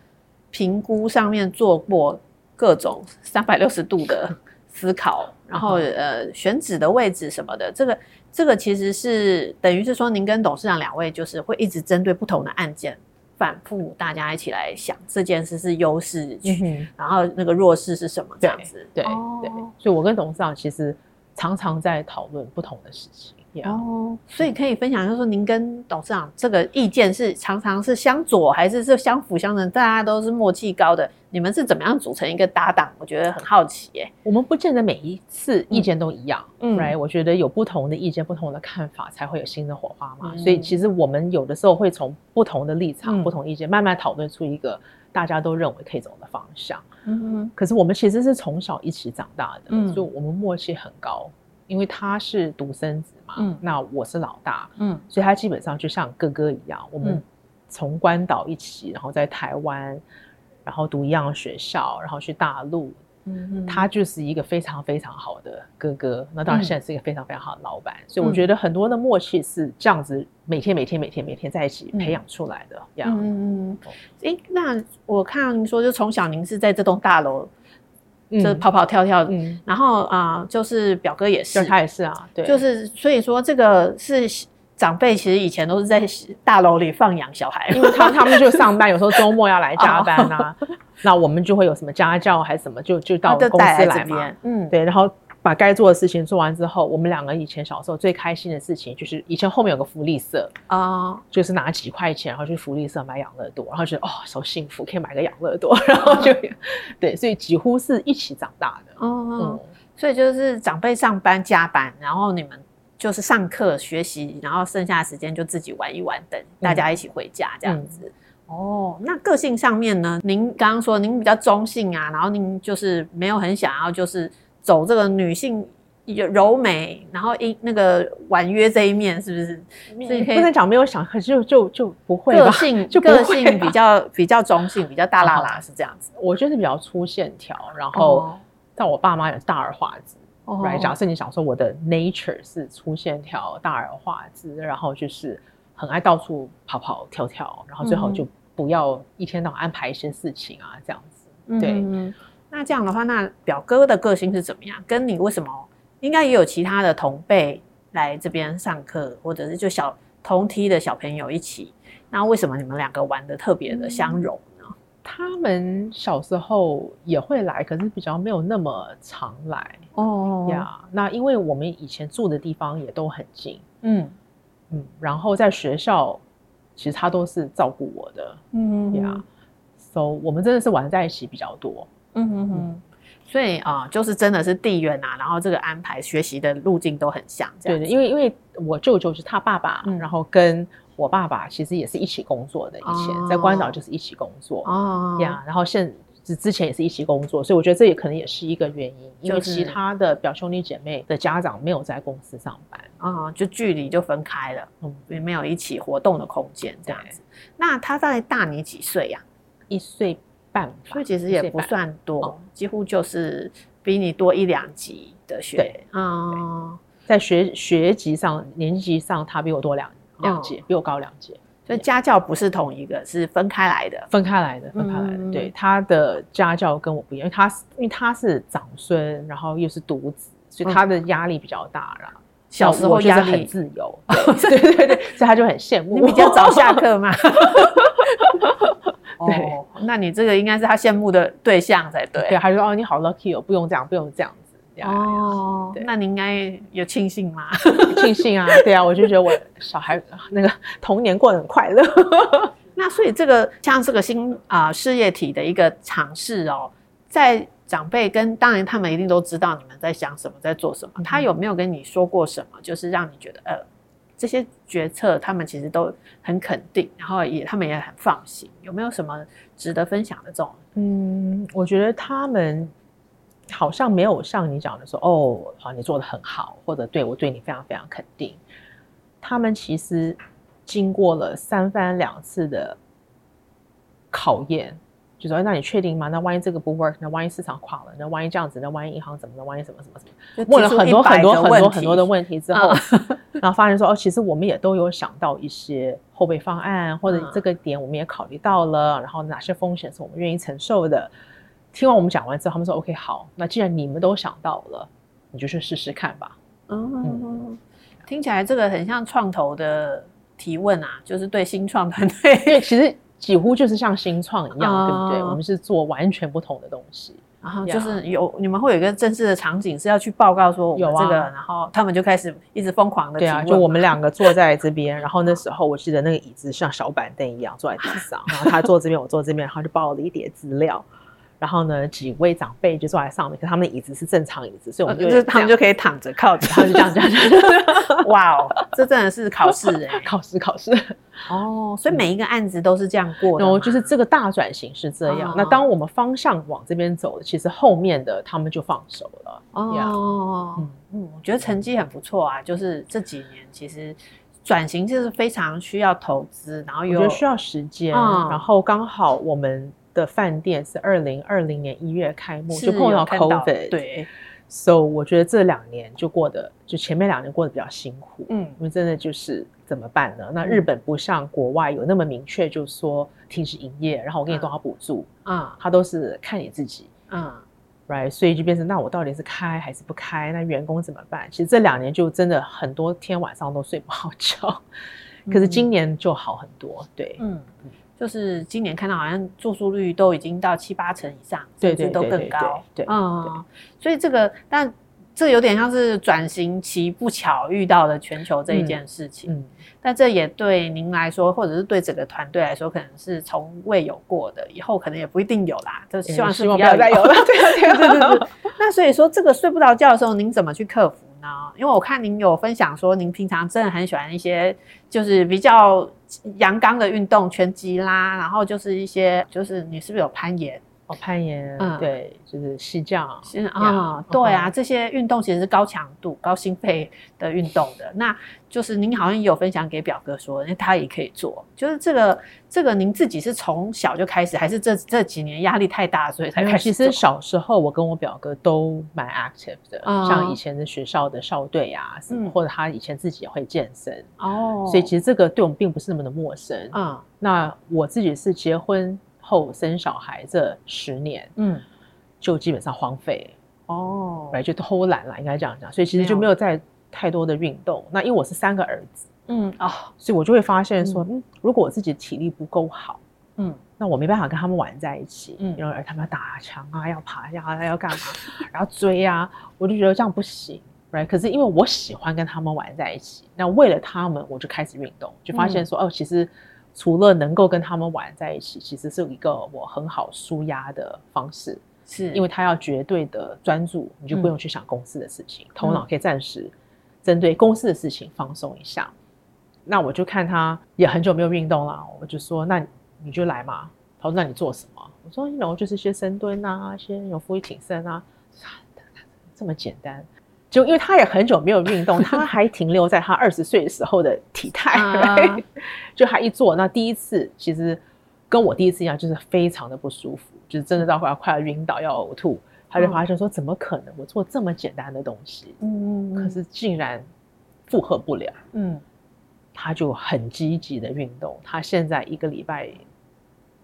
評估上面做過各種三百六十度的思考， *laughs* 然後呃選址的位置什麼的，這個。這個其實是等於是說，您跟董事長兩位就是會一直針對不同的案件，反復大家一起來想這件事是優勢，嗯、然後那個弱勢是什麼這樣子。對對，對、哦，所以我跟董事長其實常常在討論不同的事情。哦、yeah, oh,，所以可以分享，就是說您跟董事長、嗯、這個意見是常常是相左，還是是相輔相成？大家都是默契高的，你們是怎麼樣組成一個搭檔？我覺得很好奇耶。我們不見得每一次意見都一樣，來、嗯，right? 我覺得有不同的意見、嗯、不同的看法，才會有新的火花嘛、嗯。所以其實我們有的時候會從不同的立場、嗯、不同意見，慢慢討論出一個大家都認為可以走的方向。嗯。可是我們其實是從小一起長大的，嗯，所以我們默契很高，因為他是獨生子。嗯，那我是老大，嗯，所以他基本上就像哥哥一樣，嗯、我們從關島一起，然後在台灣，然後讀一樣的學校，然後去大陸，嗯嗯，他就是一個非常非常好的哥哥。那當然現在是一個非常非常好的老闆、嗯，所以我覺得很多的默契是這樣子，每天每天每天每天在一起培養出來的。這樣子，嗯，嗯，嗯，嗯、欸、那我看你說，就從小您是在這棟大樓。就跑跑跳跳的、嗯，然後啊、呃，就是表哥也是，就他也是啊，對，就是所以說這個是長輩，其實以前都是在大樓裡放養小孩，因為他 *laughs* 他，他們就上班，有時候週末要來加班吶、啊哦，那我們就會有什麼家教還是什麼，就就到公司來嘛，嗯，對嗯，然後。把該做的事情做完之後，我們兩個以前小時候最開心的事情就是以前後面有個福利社啊、哦，就是拿幾塊錢然後去福利社買養樂多，然後就覺得哦好幸福，可以買個養樂多，然後就 *laughs* 對，所以幾乎是一起長大的哦、嗯。所以就是長輩上班加班，然後你們就是上課學習，然後剩下的時間就自己玩一玩，等、嗯、大家一起回家這樣子、嗯。哦，那個性上面呢，您剛剛說您比較中性啊，然後您就是沒有很想要就是。走這個女性柔美，然後一那個婉約這一面，是不是？不能講沒有想，可是就就就不會吧。個性就個性比較比較中性，比較大喇喇是這樣子。我就是比較粗線條，然後但我爸媽也是大而化之。哦、來，假設你想說我的 nature 是粗線條、大而化之，然後就是很愛到處跑跑跳跳，然後最好就不要一天到晚安排一些事情啊，這樣子。對。嗯那這樣的話，那表哥的個性是怎麼樣？跟你為什麼應該也有其他的同輩來這邊上課，或者是就小同梯的小朋友一起，那為什麼你們兩個玩得特別的相融呢、嗯？他們小時候也會來，可是比較沒有那麼常來哦呀。Yeah, 那因為我們以前住的地方也都很近，嗯嗯，然後在學校其實他都是照顧我的，嗯呀，So, 我們真的是玩在一起比較多。嗯嗯嗯，所以啊、呃，就是真的是地緣啊，然後這個安排學習的路徑都很像這樣子。對對，因為因為我舅舅是他爸爸、嗯，然後跟我爸爸其實也是一起工作的，以前、哦、在關島就是一起工作啊、哦、呀，然後現之前也是一起工作，所以我覺得這也可能也是一個原因，就是、因為其他的表兄弟姐妹的家長沒有在公司上班啊、哦，就距離就分開了，嗯，也沒有一起活動的空間這樣子。那他在大你幾歲呀、啊？一歲。辦法，所以其實也不算多、嗯，幾乎就是比你多一兩級的學，嗯、在學學級上、年級上，他比我多兩兩屆，比我高兩屆、哦，所以家教不是同一個，是分開來的，分開來的，分開來的。嗯、對，他的家教跟我不一樣，因為他是因為他是長孫，然後又是獨子，所以他的壓力比較大啦。嗯、小時候我覺得壓力很自由，對對對對， *laughs* 所以他就很羨慕你，比較早下課嘛。 *laughs* *laughs* 對、哦，那你這個應該是他羨慕的對象才對。對，他說哦，你好 lucky 哦，不用這樣，不用這樣子。這樣哦，那你應該有慶幸嗎？ *laughs* 慶幸啊，對啊，我就覺得我小孩 *laughs* 那個童年過得很快樂。 *laughs* 那所以這個像這個新啊、呃、事業體的一個嘗試哦，在長輩跟當然他們一定都知道你們在想什麼，在做什麼。嗯、他有沒有跟你說過什麼，就是讓你覺得呃？這些決策，他們其實都很肯定，然後也他們也很放心，有沒有什麼值得分享的這種？嗯，我覺得他們好像沒有像你講的說，哦，好，啊，你做得很好，或者對我對你非常非常肯定。他們其實經過了三番兩次的考驗。就說：“那你確定嗎？那萬一這個不 work？那萬一市場垮了？那萬一這樣子？那萬一銀行怎麼了？那萬一什麼什麼什麼？問了很多很多很多很多的問題之後、嗯，然後發現說：哦，其實我們也都有想到一些後備方案、嗯，或者這個點我們也考慮到了。然後哪些風險是我們願意承受的？聽完我們講完之後，他們說：OK，好，那既然你們都想到了，你就去試試看吧。嗯，嗯聽起來這個很像創投的提問啊，就是對新創團隊其實。”幾乎就是像新創一樣，uh, 對不對？我們是做完全不同的東西。然、uh, 後、yeah. 就是有你們會有一個正式的場景是要去報告說有這個有、啊，然後他們就開始一直瘋狂的。對啊，就我們兩個坐在這邊， *laughs* 然後那時候我記得那個椅子像小板凳一樣坐在地上， *laughs* 然後他坐這邊，我坐這邊，然後就報了一疊資料。 *laughs* 然後呢，幾位長輩就坐在上面，可是他們的椅子是正常椅子，所以我們就、哦、就是，他們就可以躺着靠着，他就這樣這樣。哇哦，這真的是考試哎、欸， *laughs* 考試考試。哦，所以每一個案子都是這樣過的。哦、嗯嗯，就是這個大轉型是這樣。哦、那當我們方向往這邊走了，其實後面的他們就放手了。哦，yeah, 嗯,嗯我覺得成績很不錯啊。就是這幾年其實轉型就是非常需要投資，然後有需要時間、嗯，然後剛好我們。的飯店是二零二零年一月開幕，就碰到 COVID，到對。所、so, 以我覺得這兩年就過得，就前面兩年過得比較辛苦，嗯，因為真的就是怎麼辦呢？那日本不像國外有那麼明確，就說停止營業、嗯，然後我給你多少補助啊，啊？他都是看你自己，嗯，right，所以就變成，那我到底是開還是不開？那員工怎麼辦？其實這兩年就真的很多天晚上都睡不好覺，嗯，可是今年就好很多，對，嗯。就是今年看到好像住宿率都已經到七八成以上，甚至都更高。對，對，嗯，所以這個，但這有點像是轉型期不巧遇到的全球這一件事情嗯。嗯，但這也對您來說，或者是對整個團隊來說，可能是從未有過的。以後可能也不一定有啦，就希望、嗯、希望不要再有了。 *laughs* *laughs* 對對對，對。 *laughs* 那所以說，這個睡不着覺的時候，您怎麼去克服呢？因為我看您有分享說，您平常真的很喜歡一些就是比較。陽剛的運動，拳擊啦，然後就是一些，就是你是不是有攀岩？哦，攀岩、嗯，對，就是西教啊、嗯 yeah, 哦，對啊，okay. 這些運動其實是高強度、高心肺的運動的。那就是您好像也有分享給表哥說，那他也可以做。就是這個，這個您自己是從小就開始，還是這這幾年壓力太大，所以才開始做？其實小時候我跟我表哥都蠻 active 的，嗯、像以前的學校的校隊啊，嗯、或者他以前自己也會健身哦，所以其實這個對我們並不是那麼的陌生啊、嗯。那我自己是結婚。後生小孩這十年，嗯，就基本上荒廢哦，就偷懶了，應該這樣講，所以其實就沒有再太多的運動。那因為我是三個兒子，嗯啊、哦，所以我就會發現說，嗯，如果我自己體力不夠好，嗯，那我沒辦法跟他們玩在一起，嗯，然後他們要打槍啊，要爬呀，要幹嘛，嗯、然後追呀、啊，我就覺得這樣不行，right？ *laughs* 可是因為我喜歡跟他們玩在一起，那為了他們，我就開始運動，就發現說，嗯、哦，其實。除了能夠跟他們玩在一起，其實是一個我很好舒壓的方式，是因為他要絕對的專注，你就不用去想公司的事情，頭、嗯、腦可以暫時針對公司的事情放鬆一下、嗯。那我就看他也很久沒有運動了，我就說那你就來嘛。他說那你做什麼？我說你然後就是先些深蹲啊，先有伏地挺身啊，啊，這麼簡單。就因為他也很久沒有運動， *laughs* 他還停留在他二十歲的時候的體態。 *laughs* 啊、 *laughs* 就他一做那第一次，其實跟我第一次一樣，就是非常的不舒服，就是真的到快要快要暈倒、要嘔吐。他就發現說：“哦、怎麼可能？我做這麼簡單的東西，嗯，可是竟然負荷不了。”嗯，他就很積極的運動。他現在一個禮拜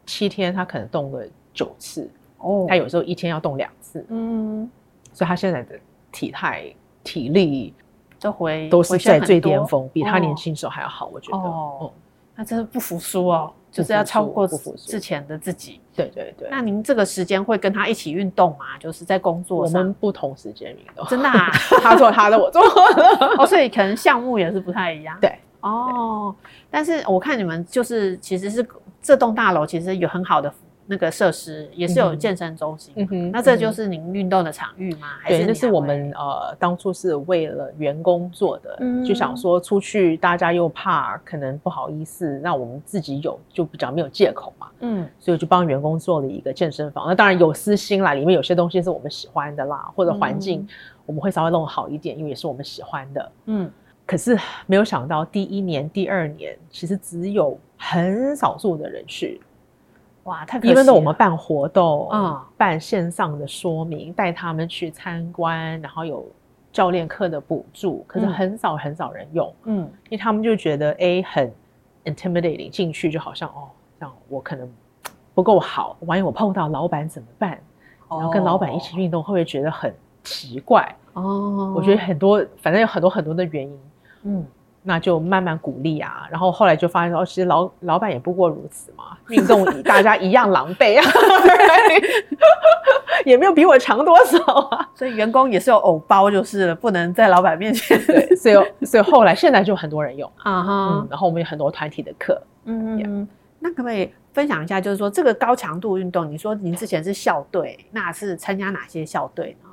七天，他可能動了九次哦。他有時候一天要動兩次，嗯，所以他現在的。體態、體力都回都是在最巔峰，比他年輕時候還要好、哦。我覺得哦，哦，那真是不服輸哦，嗯、不服輸就是要超過不服輸之前的自己。對對對。那您這個時間會跟他一起運動嗎？就是在工作上，我們不同時間運動。真的啊， *laughs* 他做他的，我做我的。 *laughs* 哦，所以可能項目也是不太一樣。對，哦，但是我看你們就是其實是這棟大樓，其實有很好的服務。那個設施也是有健身中心、嗯，那這就是您運動的場域嗎？嗯、還是還對，那是我們呃當初是為了員工做的，嗯，就想說出去大家又怕可能不好意思，那我們自己有就比較沒有借口嘛。嗯，所以就幫員工做了一個健身房。那當然有私心啦，嗯、裡面有些東西是我們喜歡的啦，或者環境我們會稍微弄好一點，嗯、因為也是我們喜歡的。嗯，可是沒有想到第一年、第二年，其實只有很少數的人去。哇，他們都我們辦活動啊、嗯，辦線上的說明，帶他們去參觀，然後有教練課的補助，可是很少很少人用，嗯，因為他們就覺得哎很 intimidating，進去就好像哦，這樣、no, 我可能不夠好，萬一我碰到老闆怎麼辦？然後跟老闆一起運動會不會覺得很奇怪？哦，我覺得很多，反正有很多很多的原因，嗯。那就慢慢鼓勵啊，然後後來就發現說，其實老老板也不過如此嘛，運動大家一樣狼狽、啊， *laughs* *laughs* 也沒有比我強多少啊。所以員工也是有偶包，就是不能在老板面前。 *laughs* 所以所以後來現在就很多人用啊哈、uh-huh. 嗯，然後我們有很多團體的課，嗯、uh-huh.，yeah. 那可不可以分享一下，就是說這個高強度運動，你說您之前是校隊，那是參加哪些校隊呢？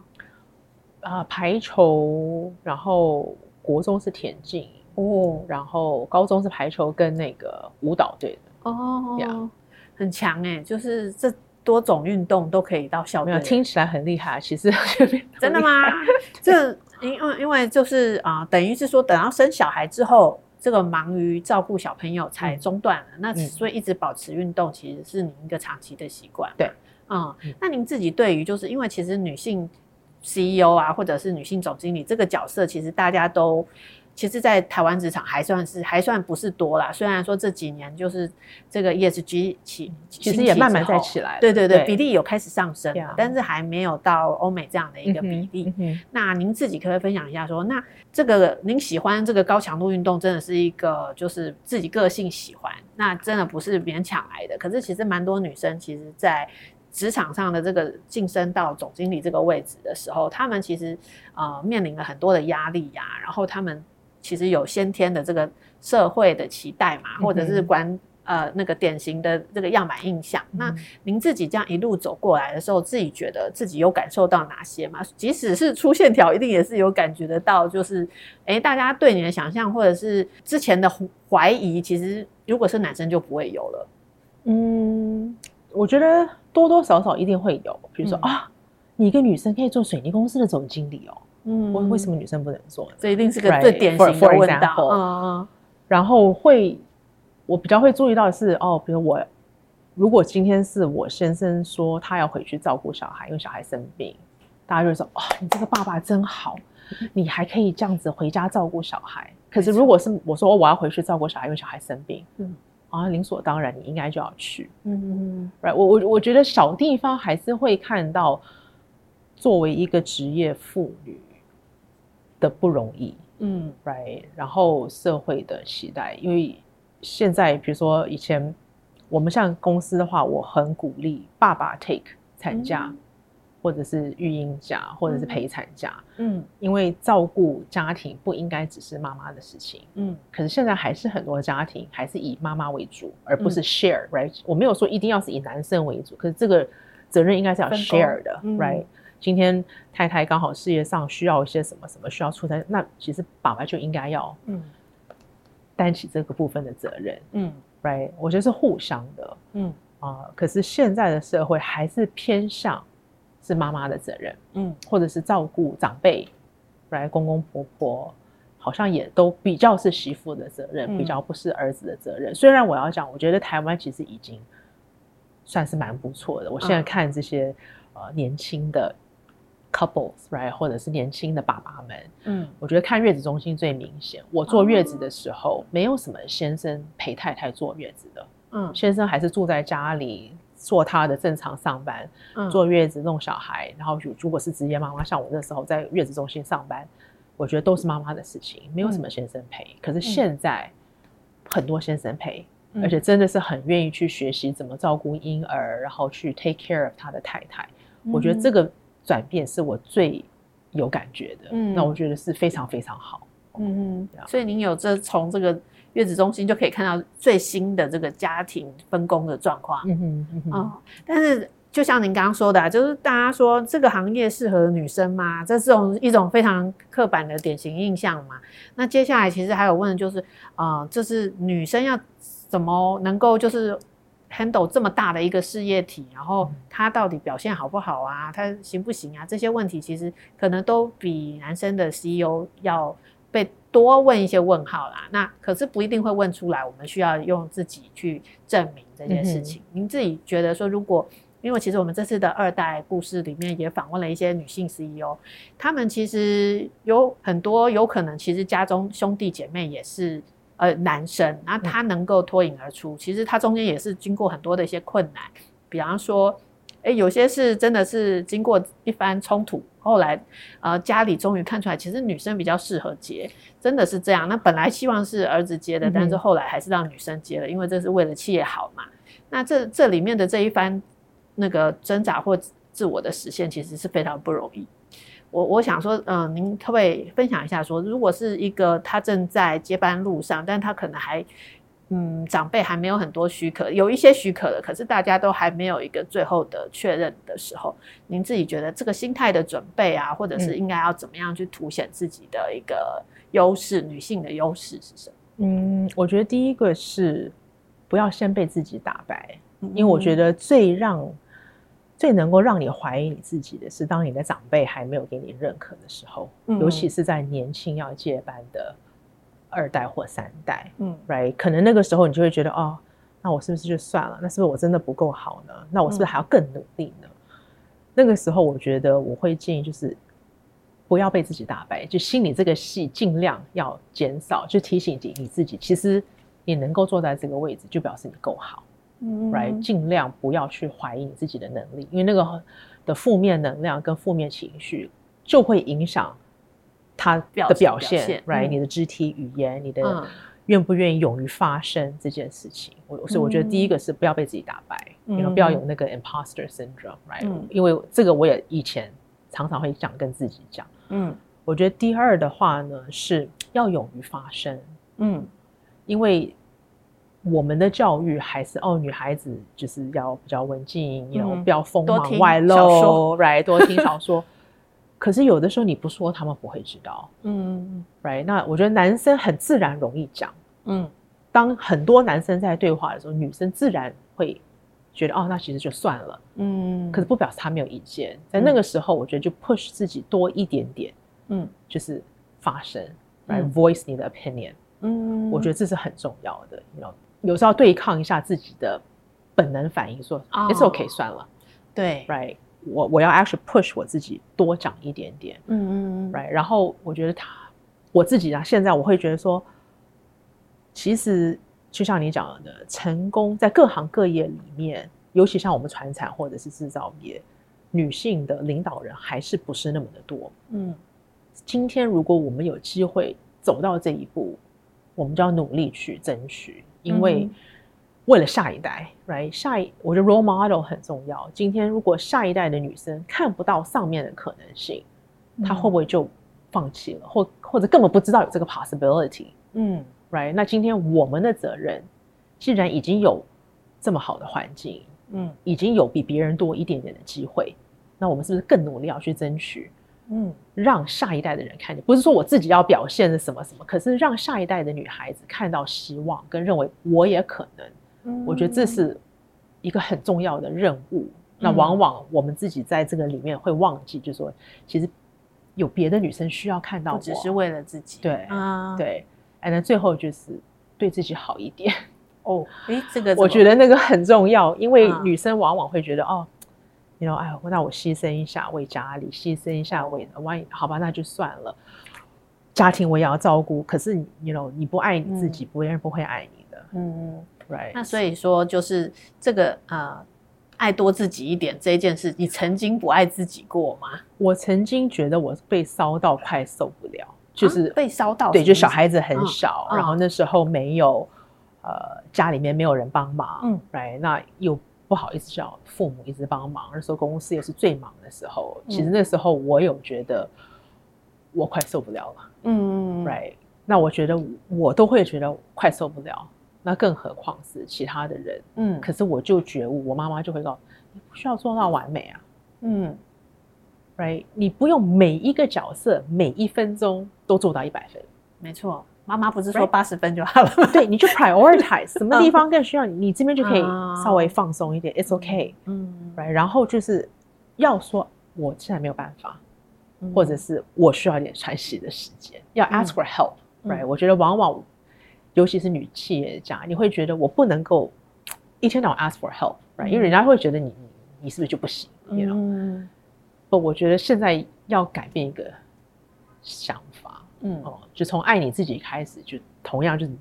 啊、呃，排球，然後國中是田徑。哦，然後高中是排球跟那個舞蹈隊的哦、yeah，很強哎、欸，就是這多種運動都可以到校沒有，聽起來很厲害，其實 *laughs* 真的嗎？ *laughs* 這因為因為就是啊、呃，等於是說等到生小孩之後，這個忙於照顧小朋友才中斷了，嗯、那所以一直保持運動其實是您一個長期的習慣，對嗯嗯，嗯，那您自己對於就是因為其實女性 CEO 啊，或者是女性總經理，、嗯、總經理這個角色，其實大家都。其實，在台灣職場還算是還算不是多啦，雖然說這幾年就是這個 ESG 其實也慢慢在起來起，對對對，對，比例有開始上升，但是還沒有到歐美這樣的一個比例。嗯，嗯，那您自己可，可以分享一下說，說那這個您喜歡這個高強度運動，真的是一個就是自己個性喜歡，那真的不是勉強來的。可是其實蠻多女生，其實在職場上的這個晉升到總經理這個位置的時候，她們其實呃面臨了很多的壓力呀、啊，然後她們。其實有先天的這個社會的期待嘛，或者是關呃那個典型的這個樣板印象。那您自己這樣一路走過來的時候，自己覺得自己有感受到哪些嗎？即使是出線條，一定也是有感覺得到，就是哎，大家對你的想象或者是之前的懷疑，其實如果是男生就不會有了。嗯，我覺得多多少少一定會有，比如說、嗯、啊，你一個女生可以做水泥公司的總經理哦。嗯，為什麼女生不能做？這一定是個最典型的問題，right, 嗯。然後會，我比較會注意到的是哦，比如我，如果今天是我先生說他要回去照顧小孩，因為小孩生病，大家就會說哦，你這個爸爸真好，你還可以這樣子回家照顧小孩。 *laughs* 可是如果是我說，哦，我要回去照顧小孩，因為小孩生病，嗯，啊，理所當然你應該就要去，嗯嗯嗯。Right，我我我覺得小地方還是會看到，作為一個職業婦女，的不容易，嗯，right。然後社會的期待，因為現在比如說以前我們像公司的話，我很鼓勵爸爸 take 產假，嗯，或者是育嬰假，嗯，或者是陪產假，嗯，因為照顧家庭不應該只是媽媽的事情，嗯。可是現在還是很多家庭還是以媽媽為主，而不是 share，right？嗯，我沒有說一定要是以男生為主，可是這個責任應該是要 share 的，嗯，right？今天太太剛好事業上需要一些什麼什麼需要出差，那其實爸爸就應該要嗯擔起這個部分的責任嗯，right？我覺得是互相的嗯啊、呃，可是現在的社會還是偏向是媽媽的責任嗯，或者是照顧長輩，來、呃、公公婆婆好像也都比較是媳婦的責任，嗯，比較不是兒子的責任。雖然我要講，我覺得台灣其實已經算是蠻不錯的。我現在看這些，嗯、呃年輕的。Couples，right，或者是年輕的爸爸們，嗯，我覺得看月子中心最明顯。我坐月子的時候，嗯、沒有什麼先生陪太太坐月子的，嗯，先生還是住在家裡做他的正常上班、嗯，坐月子弄小孩，然後如果是職業媽媽，像我那時候在月子中心上班，我覺得都是媽媽的事情，沒有什麼先生陪。嗯、可是現在、嗯、很多先生陪、嗯，而且真的是很願意去學習怎麼照顧嬰兒，然後去 take care of 他的太太。嗯、我覺得這個。轉變是我最有感覺的，嗯，那我覺得是非常非常好，嗯嗯，所以您有這從這個月子中心就可以看到最新的這個家庭分工的狀況，嗯嗯嗯，但是就像您剛剛說的，啊，就是大家說這個行業適合女生嗎？這是一種一種非常刻板的典型印象嘛？那接下來其實還有問的就是，啊，呃，就是女生要怎麼能夠就是。handle 這麼大的一個事業體，然後他到底表現好不好啊？他行不行啊？這些問題其實可能都比男生的 CEO 要被多問一些問號啦。那可是不一定會問出來，我們需要用自己去證明這件事情。嗯、您自己覺得說，如果因為其實我們這次的二代故事裡面也訪問了一些女性 CEO，他們其實有很多有可能，其實家中兄弟姐妹也是。呃，男生那，啊，他能夠脫穎而出，嗯，其實他中間也是經過很多的一些困難，比方說，哎，有些是真的是經過一番衝突，後來，呃，家裡終於看出來，其實女生比較適合接，真的是這樣。那本來希望是兒子接的，嗯，但是後來還是讓女生接了，因為這是為了企業好嘛。那這這裡面的這一番那個掙扎或自我的實現，其實是非常不容易。我我想說，嗯、呃，您可不可以分享一下說，說如果是一個他正在接班路上，但他可能還，嗯，長輩還沒有很多許可，有一些許可了，可是大家都還沒有一個最後的確認的時候，您自己覺得這個心態的準備啊，或者是應該要怎麼樣去凸顯自己的一個優勢，女性的優勢是什麼？嗯，我覺得第一個是不要先被自己打敗，因為我覺得最讓最能夠讓你懷疑你自己的是，當你的長輩還沒有給你認可的時候，嗯，尤其是在年輕要接班的二代或三代，嗯，right，可能那個時候你就會覺得，哦，那我是不是就算了？那是不是我真的不夠好呢？那我是不是還要更努力呢？嗯，那個時候，我覺得我會建議就是，不要被自己打敗，就心裡這個戲盡量要減少，就提醒你自己，其實你能夠坐在這個位置，就表示你夠好。，right，盡、mm -hmm. 量不要去懷疑你自己的能力，因為那個的負面能量跟負面情緒就會影響他的表現，表表現，right？、Mm -hmm. 你的肢體語言，你的願不願意勇於發聲這件事情，mm -hmm. 我所以我覺得第一個是不要被自己打敗，嗯、mm -hmm.，you know, 不要有那個 imposter syndrome，right？、Mm -hmm. 因為這個我也以前常常會想跟自己講，嗯、mm -hmm.，我覺得第二的話呢是要勇於發聲，嗯、mm -hmm.，因為。我們的教育還是哦，女孩子就是要比較文靜，you know，不要鋒芒外露。嗯、know, 鋒芒多聽少說。少說 right, 少說 *laughs* 可是有的時候你不說，他們不會知道。嗯，right？那我覺得男生很自然容易講。嗯，當很多男生在對話的時候，女生自然會覺得哦，那其實就算了。嗯，可是不表示他沒有意見。嗯、在那個時候，我覺得就 push 自己多一點點。嗯，就是發聲來、right? 嗯、voice 你的 opinion。嗯，我覺得這是很重要的有時候對抗一下自己的本能反應，說、oh, “it's okay” 算了。對，right，我我要 actually push 我自己多長一點點。嗯、mm、嗯 -hmm. right，然後我覺得他，他我自己啊，現在我會覺得說，其實就像你講的，成功在各行各業裡面，mm -hmm. 尤其像我們傳產或者是制造業，女性的領導人還是不是那麼的多。嗯、mm -hmm.，今天如果我們有機會走到這一步，我們就要努力去爭取。因為為了下一代，right？下一，我覺得 role model 很重要。今天如果下一代的女生看不到上面的可能性，嗯，她會不會就放棄了，或或者根本不知道有這個 possibility？嗯，right？那今天我們的責任，既然已經有這麼好的環境，嗯，已經有比別人多一點點的機會，那我們是不是更努力要去爭取？嗯，讓下一代的人看見，不是說我自己要表現什麼什麼，可是讓下一代的女孩子看到希望跟認為我也可能，嗯、我覺得這是一個很重要的任務，嗯。那往往我們自己在這個裡面會忘記，就是說，其實有別的女生需要看到我，我只是為了自己，對，啊、對，哎，那最後就是對自己好一點。哦，哎，這個我覺得那個很重要，因為女生往往會覺得、啊、哦。You know, 哎呦,那我犧牲一下為家裡，犧牲一下為萬一，好吧，那就算了。家庭我也要照顧，可是你 you know, 你不愛你自己，別、嗯、人不會愛你的。嗯，right, 那所以說，就是這個啊、呃，愛多自己一點這一件事，你曾經不愛自己過嗎？我曾經覺得我被燒到快受不了，就是、啊、被燒到，對，就小孩子很小、哦，然後那時候沒有，呃，家裡面沒有人幫忙，嗯，right, 那又。不好意思叫父母一直幫忙，那時候公司也是最忙的時候。其實那時候我有覺得我快受不了了，嗯，right？那我覺得我都會覺得快受不了，那更何況是其他的人，嗯。可是我就覺悟，我媽媽就會告訴你不需要做到完美啊，嗯，right？你不用每一個角色每一分鐘都做到一百分，沒錯。媽媽不是說八十分就好了嗎？Right? *laughs* 對，你就 prioritize，什麼地方更需要你， *laughs* 你這邊就可以稍微放鬆一點，uh, It's okay，um，嗯，Right，然後就是要說我現在沒有辦法，um, 或者是我需要一點喘息的時間，um, 要 ask for help。Right，um, 我覺得往往尤其是女企業家，um, 你會覺得我不能夠一天到晚 ask for help。Right，um, 因為人家會覺得你你是不是就不行？嗯，哦，我覺得現在要改變一個想法。嗯，哦，就從愛你自己開始，就同樣就是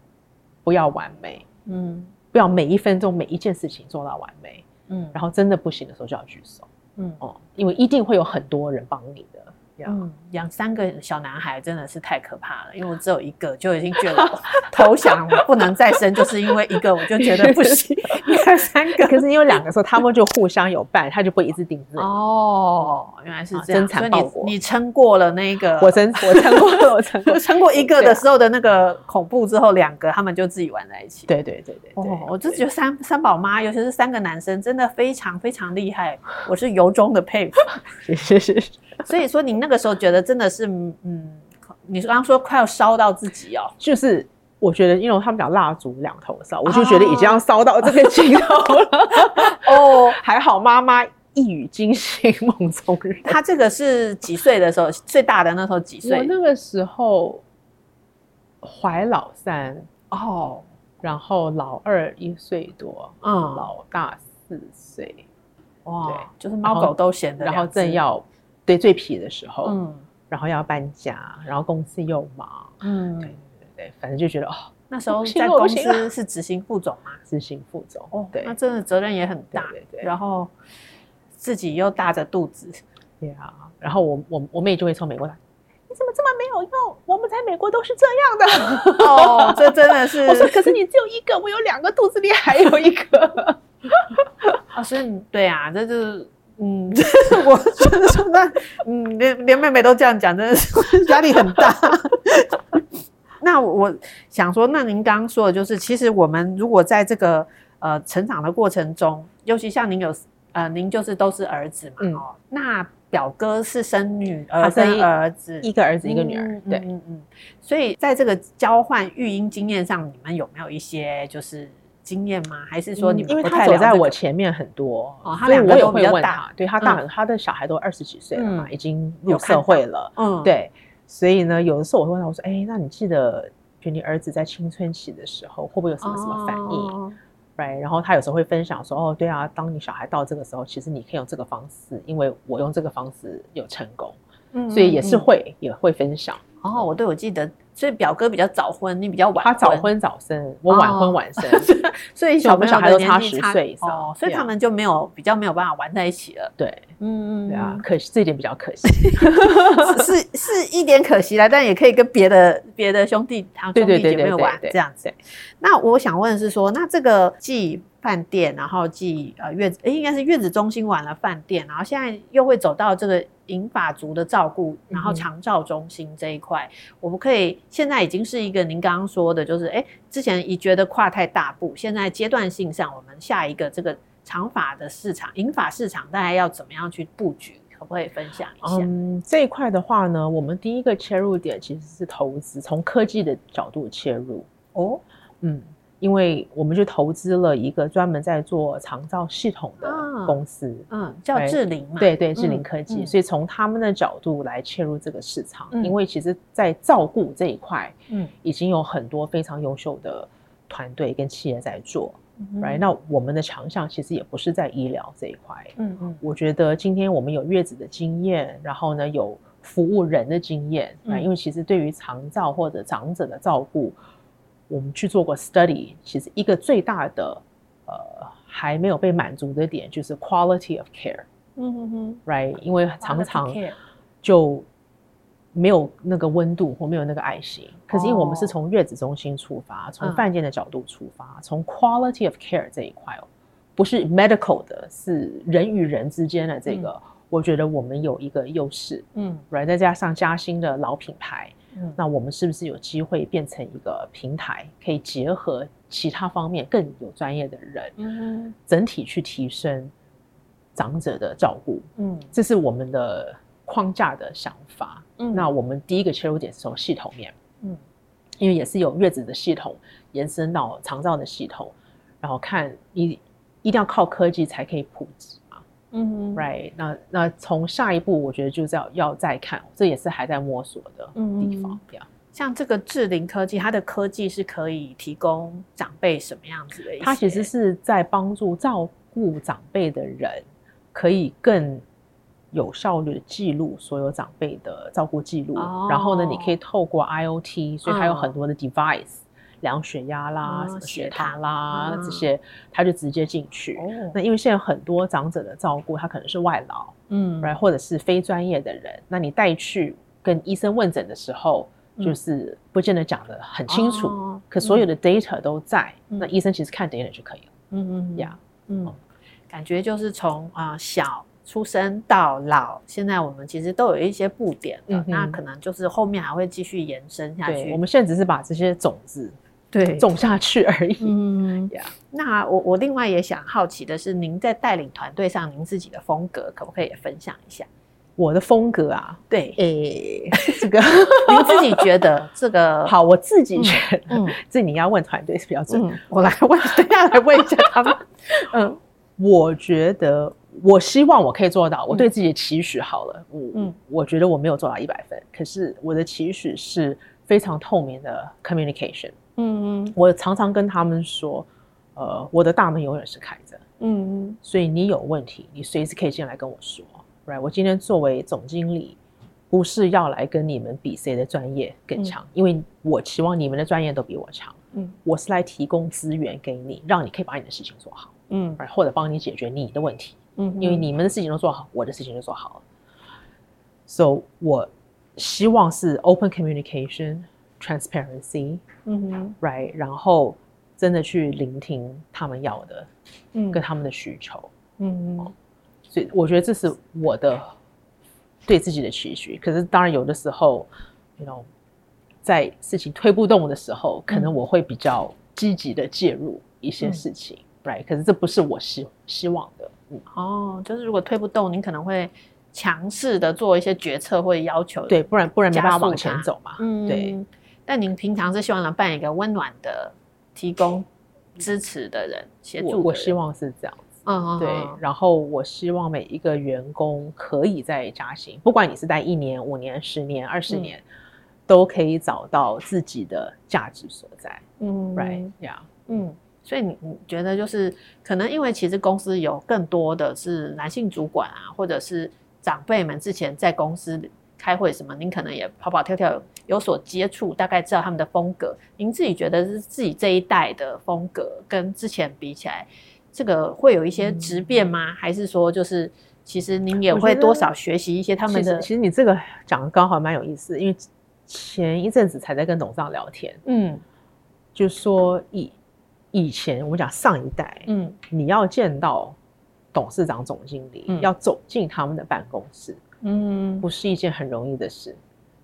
不要完美，嗯，不要每一分鐘每一件事情做到完美，嗯，然後真的不行的時候就要舉手，嗯，哦，因為一定會有很多人幫你的。Yeah. 嗯，養三個小男孩真的是太可怕了，因為我只有一個就已經覺得 *laughs* 投降，不能再生，就是因為一個我就覺得不行。你 *laughs* 看三個， *laughs* 可是因為兩個時候，他們就互相有伴，他就不會一直頂着。哦，原來是這樣。啊、真所以你你撐過了那個，我撐 *laughs* 我撐過了，我撐過， *laughs* 撐過一個的時候的那個恐怖之後，兩個他們就自己玩在一起。對對對對。哦對對，我就覺得三三寶媽，尤其是三個男生，真的非常非常厲害，我是由衷的佩服。謝謝謝。 *laughs* 所以說，你那個時候覺得真的是，嗯，你剛剛說快要燒到自己哦，就是我覺得，因為他們講蠟燭兩頭燒，啊，我就覺得已經要燒到這個盡頭了。 *laughs* 哦，還好媽媽一語驚醒夢中人。他這個是幾歲的時候最大的那時候幾歲？我那個時候懷老三哦，然後老二一歲多，嗯，老大四歲，哇，對就是貓狗都嫌的，然後正要。對最皮的時候，嗯，然後要搬家，然後公司又忙，嗯，對對對、對，反正就覺得哦，那時候在公司是執行副總嘛，執行副總，哦，對，那真的責任也很大，對對、對、對。然後自己又大着肚子，對啊。然後我我我妹就會從美國來，你怎麼這麼沒有用？我們在美國都是這樣的， *laughs* 哦，這真的是。 *laughs* 我說可是你只有一個，我有兩個，肚子裡還有一個。老師以對啊，這就是。嗯，我真的說那，嗯，連連妹妹都這樣講，真的是壓力很大。 *laughs* 那我想說，那您剛剛說的就是，其實我們如果在這個呃成長的過程中，尤其像您有呃，您就是都是兒子嘛，哦、嗯，那表哥是生女兒，生兒子，一個兒子一個女兒，嗯、對，嗯嗯。所以在這個交換育嬰經驗上，你們有沒有一些就是？經驗嗎？還是說你？因為他走在我前面很多啊、嗯這個哦，他兩個都比較大，我也會問他嗯、對他大很多，他的小孩都二十幾歲了嘛，嗯、已經入社會了。嗯，對，所以呢，有的時候我會問他，我說：“哎，那你記得，就你兒子在青春期的時候，會不會有什麼什麼反應？”哦、right, 然後他有時候會分享說：“哦，對啊，當你小孩到這個時候，其實你可以用這個方式，因為我用這個方式有成功，嗯，所以也是會、嗯嗯、也會分享。哦，我對我記得。所以表哥比較早婚，你比較晚婚。他早婚早生，我晚婚晚生。哦、 *laughs* 所以小朋友小孩都差十歲以上，哦，所以他們就沒有比較沒有辦法玩在一起了。對，嗯，對啊，可惜這一點比較可惜， *laughs* 是是，是一點可惜啦，但也可以跟別的別的兄弟他，啊、兄弟姐妹玩對對對對對對對對，這樣子對對對對。那我想問的是說，那這個既飯店，然後繼呃月子，哎，應該是月子中心完了飯店，然後現在又會走到這個銀髮族的照顧，然後長照中心這一塊，我們可以現在已經是一個您剛剛說的，就是哎，之前已覺得跨太大步，現在階段性上，我們下一個這個長髮的市場，銀髮市場，大概要怎麼樣去布局？可不可以分享一下？嗯，這一塊的話呢，我們第一個切入點其實是投資，從科技的角度切入。哦，嗯。因為我們就投資了一個專門在做長照系統的公司，啊、嗯，叫智齡嘛，對對，智齡科技、嗯嗯。所以從他們的角度來切入這個市場，嗯、因為其實，在照顧這一塊，嗯，已經有很多非常優秀的團隊跟企業在做、嗯、，Right？那我們的強項其實也不是在醫療這一塊，嗯嗯，我覺得今天我們有月子的經驗，然後呢有服務人的經驗、嗯、因為其實對於長照或者長者的照顧。我們去做過 study，其實一個最大的呃還沒有被滿足的點就是 quality of care，right？、Mm -hmm. 因為常常就沒有那個溫度或沒有那個愛心。可是因為我們是從月子中心出發，oh. 從飯店的角度出發，uh. 從 quality of care 這一塊哦，不是 medical 的，是人與人之間的這個，mm. 我覺得我們有一個優勢。嗯、mm.，right？再加上嘉新的老品牌。那我們是不是有機會變成一個平台，可以結合其他方面更有專業的人，嗯，整體去提升長者的照顧，嗯，這是我們的框架的想法。嗯，那我們第一個切入點是從系統面，嗯，因為也是有月子的系統延伸到長照的系統，然後看一一定要靠科技才可以普及。嗯、mm -hmm.，right，那那從下一步，我覺得就是要要再看，這也是還在摸索的地方。Mm -hmm. 這樣像這個智靈科技，它的科技是可以提供長輩什麼樣子的？它其實是在幫助照顧長輩的人，可以更有效率的記錄所有長輩的照顧記錄。Oh. 然後呢，你可以透過 IOT，所以它有很多的 device，oh. 嗯。量血壓啦、啊、什麼血糖啦，血糖啦、啊、這些，他就直接進去、哦。那因為現在很多長者的照顧，他可能是外勞，嗯，或者是非專業的人。那你帶去跟醫生問診的時候，嗯、就是不見得講的很清楚、哦，可所有的 data 都在，嗯、那醫生其實看 data 就可以了。嗯嗯，嗯，嗯，呀、yeah，嗯，感覺就是從啊、呃、小出生到老，現在我們其實都有一些布點了，嗯嗯，那可能就是後面還會繼續延伸下去。對我們現在只是把這些種子。對，種下去而已。嗯，yeah. 那我我另外也想好奇的是，您在帶領團隊上，您自己的風格可不可以也分享一下？我的風格啊，對，哎這個 *laughs* 您自己覺得這個好？我自己覺得，嗯、這你要問團隊比較準、嗯。我來問， *laughs* 等一下來問一下他們。 *laughs* 嗯，我覺得，我希望我可以做到，我對自己的期許好了。嗯，我，我覺得我沒有做到一百分、嗯，可是我的期許是非常透明的 communication。嗯、mm -hmm.，我常常跟他們說，呃，我的大門永遠是開着。嗯嗯，所以你有問題，你隨時可以進來跟我說。Right，我今天作為總經理，不是要來跟你們比誰的專業更強，mm -hmm. 因為我期望你們的專業都比我強。嗯、mm -hmm.，我是來提供資源給你，讓你可以把你的事情做好。嗯、mm、，Right，-hmm. 或者幫你解決你的問題。嗯、mm -hmm.，因為你們的事情都做好，我的事情就做好了。So，我希望是 open communication，transparency。嗯、mm、哼 -hmm.，right，然後真的去聆聽他們要的，嗯，跟他們的需求，嗯、mm -hmm. 哦，所以我覺得這是我的對自己的期許。可是當然有的時候，you know，在事情推不動的時候，mm -hmm. 可能我會比較積極的介入一些事情，mm -hmm.，right？可是這不是我希希望的，mm -hmm. 嗯哦，就是如果推不動，你可能會強勢的做一些決策或者要求，對，不然不然沒辦法往前走嘛，嗯、mm -hmm. 對。但您平常是希望能辦一個溫暖的、提供支持的人，嗯、協助的人我。我希望是這樣子。嗯嗯，對嗯。然後我希望每一個員工可以在嘉新，不管你是待一年、嗯、五年、十年、二十年，都可以找到自己的價值所在。嗯，right，yeah，嗯，所以你你覺得就是可能因為其實公司有更多的是男性主管啊，或者是長輩們之前在公司。開會什麼，您可能也跑跑跳跳有所接觸，大概知道他們的風格。您自己覺得是自己這一代的風格跟之前比起來，這個會有一些質變嗎、嗯？還是說就是其實您也會多少學習一些他們的？其實，其實你這個講的剛好蠻有意思，因為前一陣子才在跟董事長聊天，嗯，就是、說以以前我們講上一代，嗯，你要見到董事長、總經理，嗯、要走進他們的辦公室。嗯，不是一件很容易的事，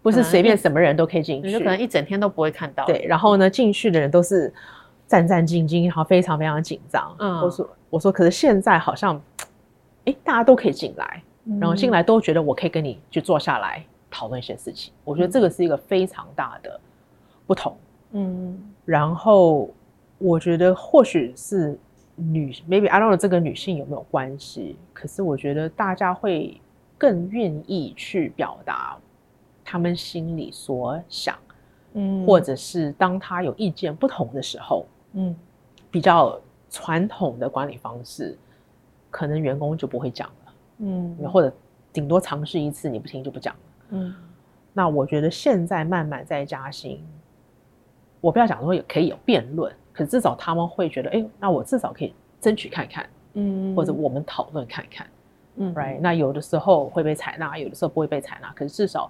不是隨便什麼人都可以進去，嗯欸、你就可能一整天都不會看到。對，然後呢，進去的人都是戰戰兢兢，然後非常非常緊張。嗯，我說我說，可是現在好像，哎、欸，大家都可以進來、嗯，然後進來都覺得我可以跟你去坐下來討論一些事情、嗯。我覺得這個是一個非常大的不同。嗯，然後我覺得或許是女，maybe I don't know, 這個女性有沒有關係？可是我覺得大家會。更願意去表達他們心裡所想，嗯，或者是當他有意見不同的時候，嗯，比較傳統的管理方式，可能員工就不會講了，嗯，或者頂多嘗試一次，你不聽就不講了，嗯。那我覺得現在慢慢在加薪，我不要講說也可以有辯論，可是至少他們會覺得，欸，那我至少可以爭取看看，嗯，或者我們討論看看。嗯，Right，那有的時候會被採納，有的時候不會被採納。可是至少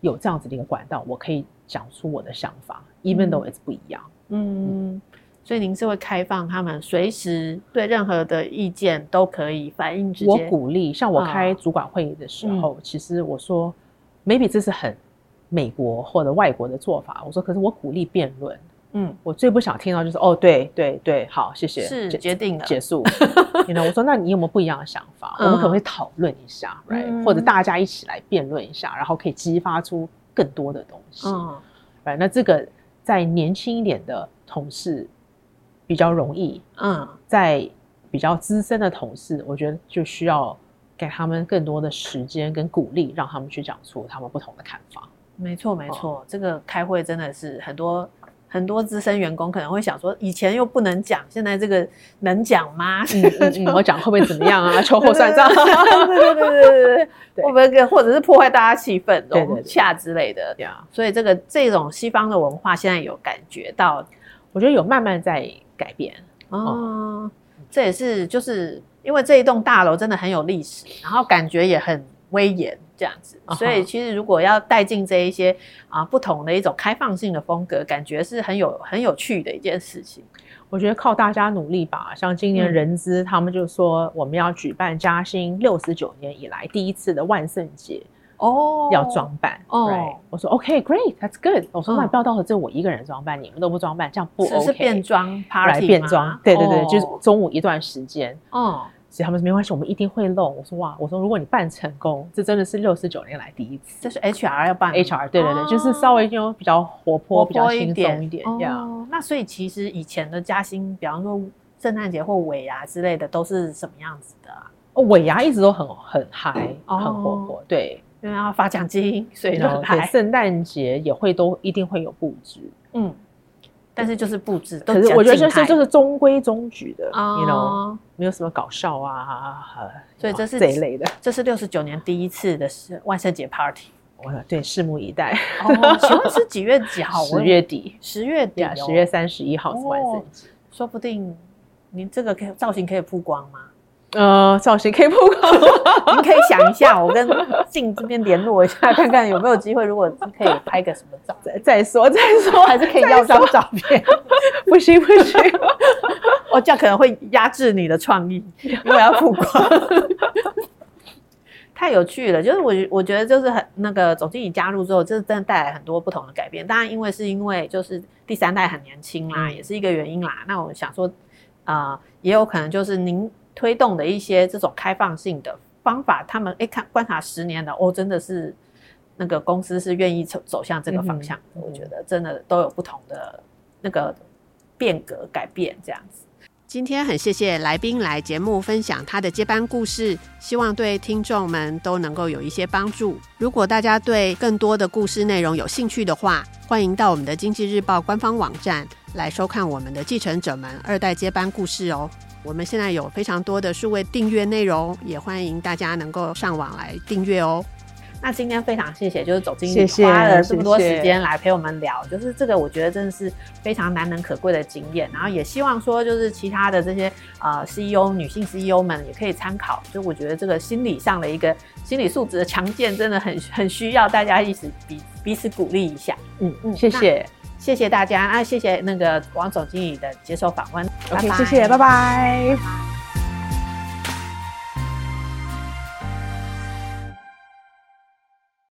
有這樣子的一個管道，我可以講出我的想法，Even though it's 不一樣，嗯。嗯，所以您是會開放他們隨時對任何的意見都可以反映？我鼓勵，像我開主管會議的時候，哦嗯、其實我說，Maybe 這是很美國或者外國的做法。我說，可是我鼓勵辯論。嗯，我最不想聽到就是哦，對對對，好，謝謝，是決定了結束。那 you know, 我說， *laughs* 那你有沒有不一樣的想法？嗯、我們可能會討論一下、right? 嗯，或者大家一起來辯論一下，然後可以激發出更多的東西。嗯，right? 那這個在年輕一點的同事比較容易，嗯，在比較資深的同事，我覺得就需要給他們更多的時間跟鼓勵，讓他們去講出他們不同的看法。沒錯沒錯、嗯，這個開會真的是很多。很多資深員工可能會想說，以前又不能講，現在這個能講嗎？嗯嗯、 *laughs* 嗯，我講會不會怎麼樣啊？秋後算賬？ *laughs* 對對對對對，會不會或者是破壞大家氣氛，融洽之類的？對啊，所以這個這種西方的文化現在有感覺到，我覺得有慢慢在改變哦，哦，這也是就是因為這一棟大樓真的很有歷史，然後感覺也很。威嚴這樣子，所以其實如果要帶進這一些、uh -huh. 啊不同的一種開放性的風格，感覺是很有很有趣的一件事情。我覺得靠大家努力吧。像今年人資、嗯、他們就說我們要舉辦嘉新六十九年以來第一次的萬聖節哦，要裝扮哦。我說 OK great that's good。我說那、oh. 不要到時候只有我一個人裝扮，你們都不裝扮，這樣不只、okay, 是，是變裝 party 嗎？對對對，oh. 就是中午一段時間哦。Oh. 所以他們說沒關係，我們一定會弄。我說哇，我說如果你辦成功，這真的是六十九年來第一次。這是 HR 要辦 HR，對對對、哦，就是稍微就比較活潑、活潑比較輕鬆一點這樣。哦。那所以其實以前的嘉新，比方說聖誕節或尾牙之類的，都是什麼樣子的？啊、哦，尾牙一直都很很嗨、嗯，很活潑，對，因為要發獎金，所以就很嗨。聖誕節也會都一定會有布置，嗯。但是就是佈置都，可是我覺得這是就是中規中矩的，oh. you know，沒有什麼搞笑啊，所以這是這一類的。這是六十九年第一次的萬聖節 party，oh, 對，拭目以待。請問是幾月幾號？十月底，十 *laughs* 月底，十、yeah, 月三十一號是萬聖節，oh, 說不定您這個可以造型可以曝光嗎？呃，造型可以曝光， *laughs* 您可以想一下，我跟靜這邊聯絡一下，看看有沒有機會。如果可以拍個什麼照，再說再說，還是可以要張照，照片。不行 *laughs* 不行，不行 *laughs* 哦，這樣可能會壓制你的創意，因為要曝光。 *laughs* 太有趣了，就是我我覺得就是很那個總經理加入之後，這、就是真的帶來很多不同的改變。當然，因為是因為就是第三代很年輕啦、嗯，也是一個原因啦。那我想說，呃，也有可能就是您。推動的一些這種開放性的方法，他們哎、欸、看觀察十年了哦，真的是那個公司是願意走走向這個方向、嗯。我覺得真的都有不同的那個變革改變這樣子。今天很謝謝來賓來節目分享他的接班故事，希望對聽眾們都能夠有一些幫助。如果大家對更多的故事內容有興趣的話，歡迎到我們的經濟日報官方網站來收看我們的繼承者們二代接班故事哦。我們現在有非常多的數位訂閱內容，也歡迎大家能夠上網來訂閱哦。那今天非常謝謝，就是總經理花了這麼多時間來陪我們聊，謝謝，就是這個我覺得真的是非常難能可貴的經驗。然後也希望說，就是其他的這些啊、呃、CEO 女性 CEO 們也可以參考。就我覺得這個心理上的一個心理素質的強健，真的很很需要大家一起彼彼此鼓勵一下。嗯嗯，謝謝。謝謝大家啊！謝謝那個王總經理的接受訪問。拜拜。OK，謝謝，拜拜。拜拜。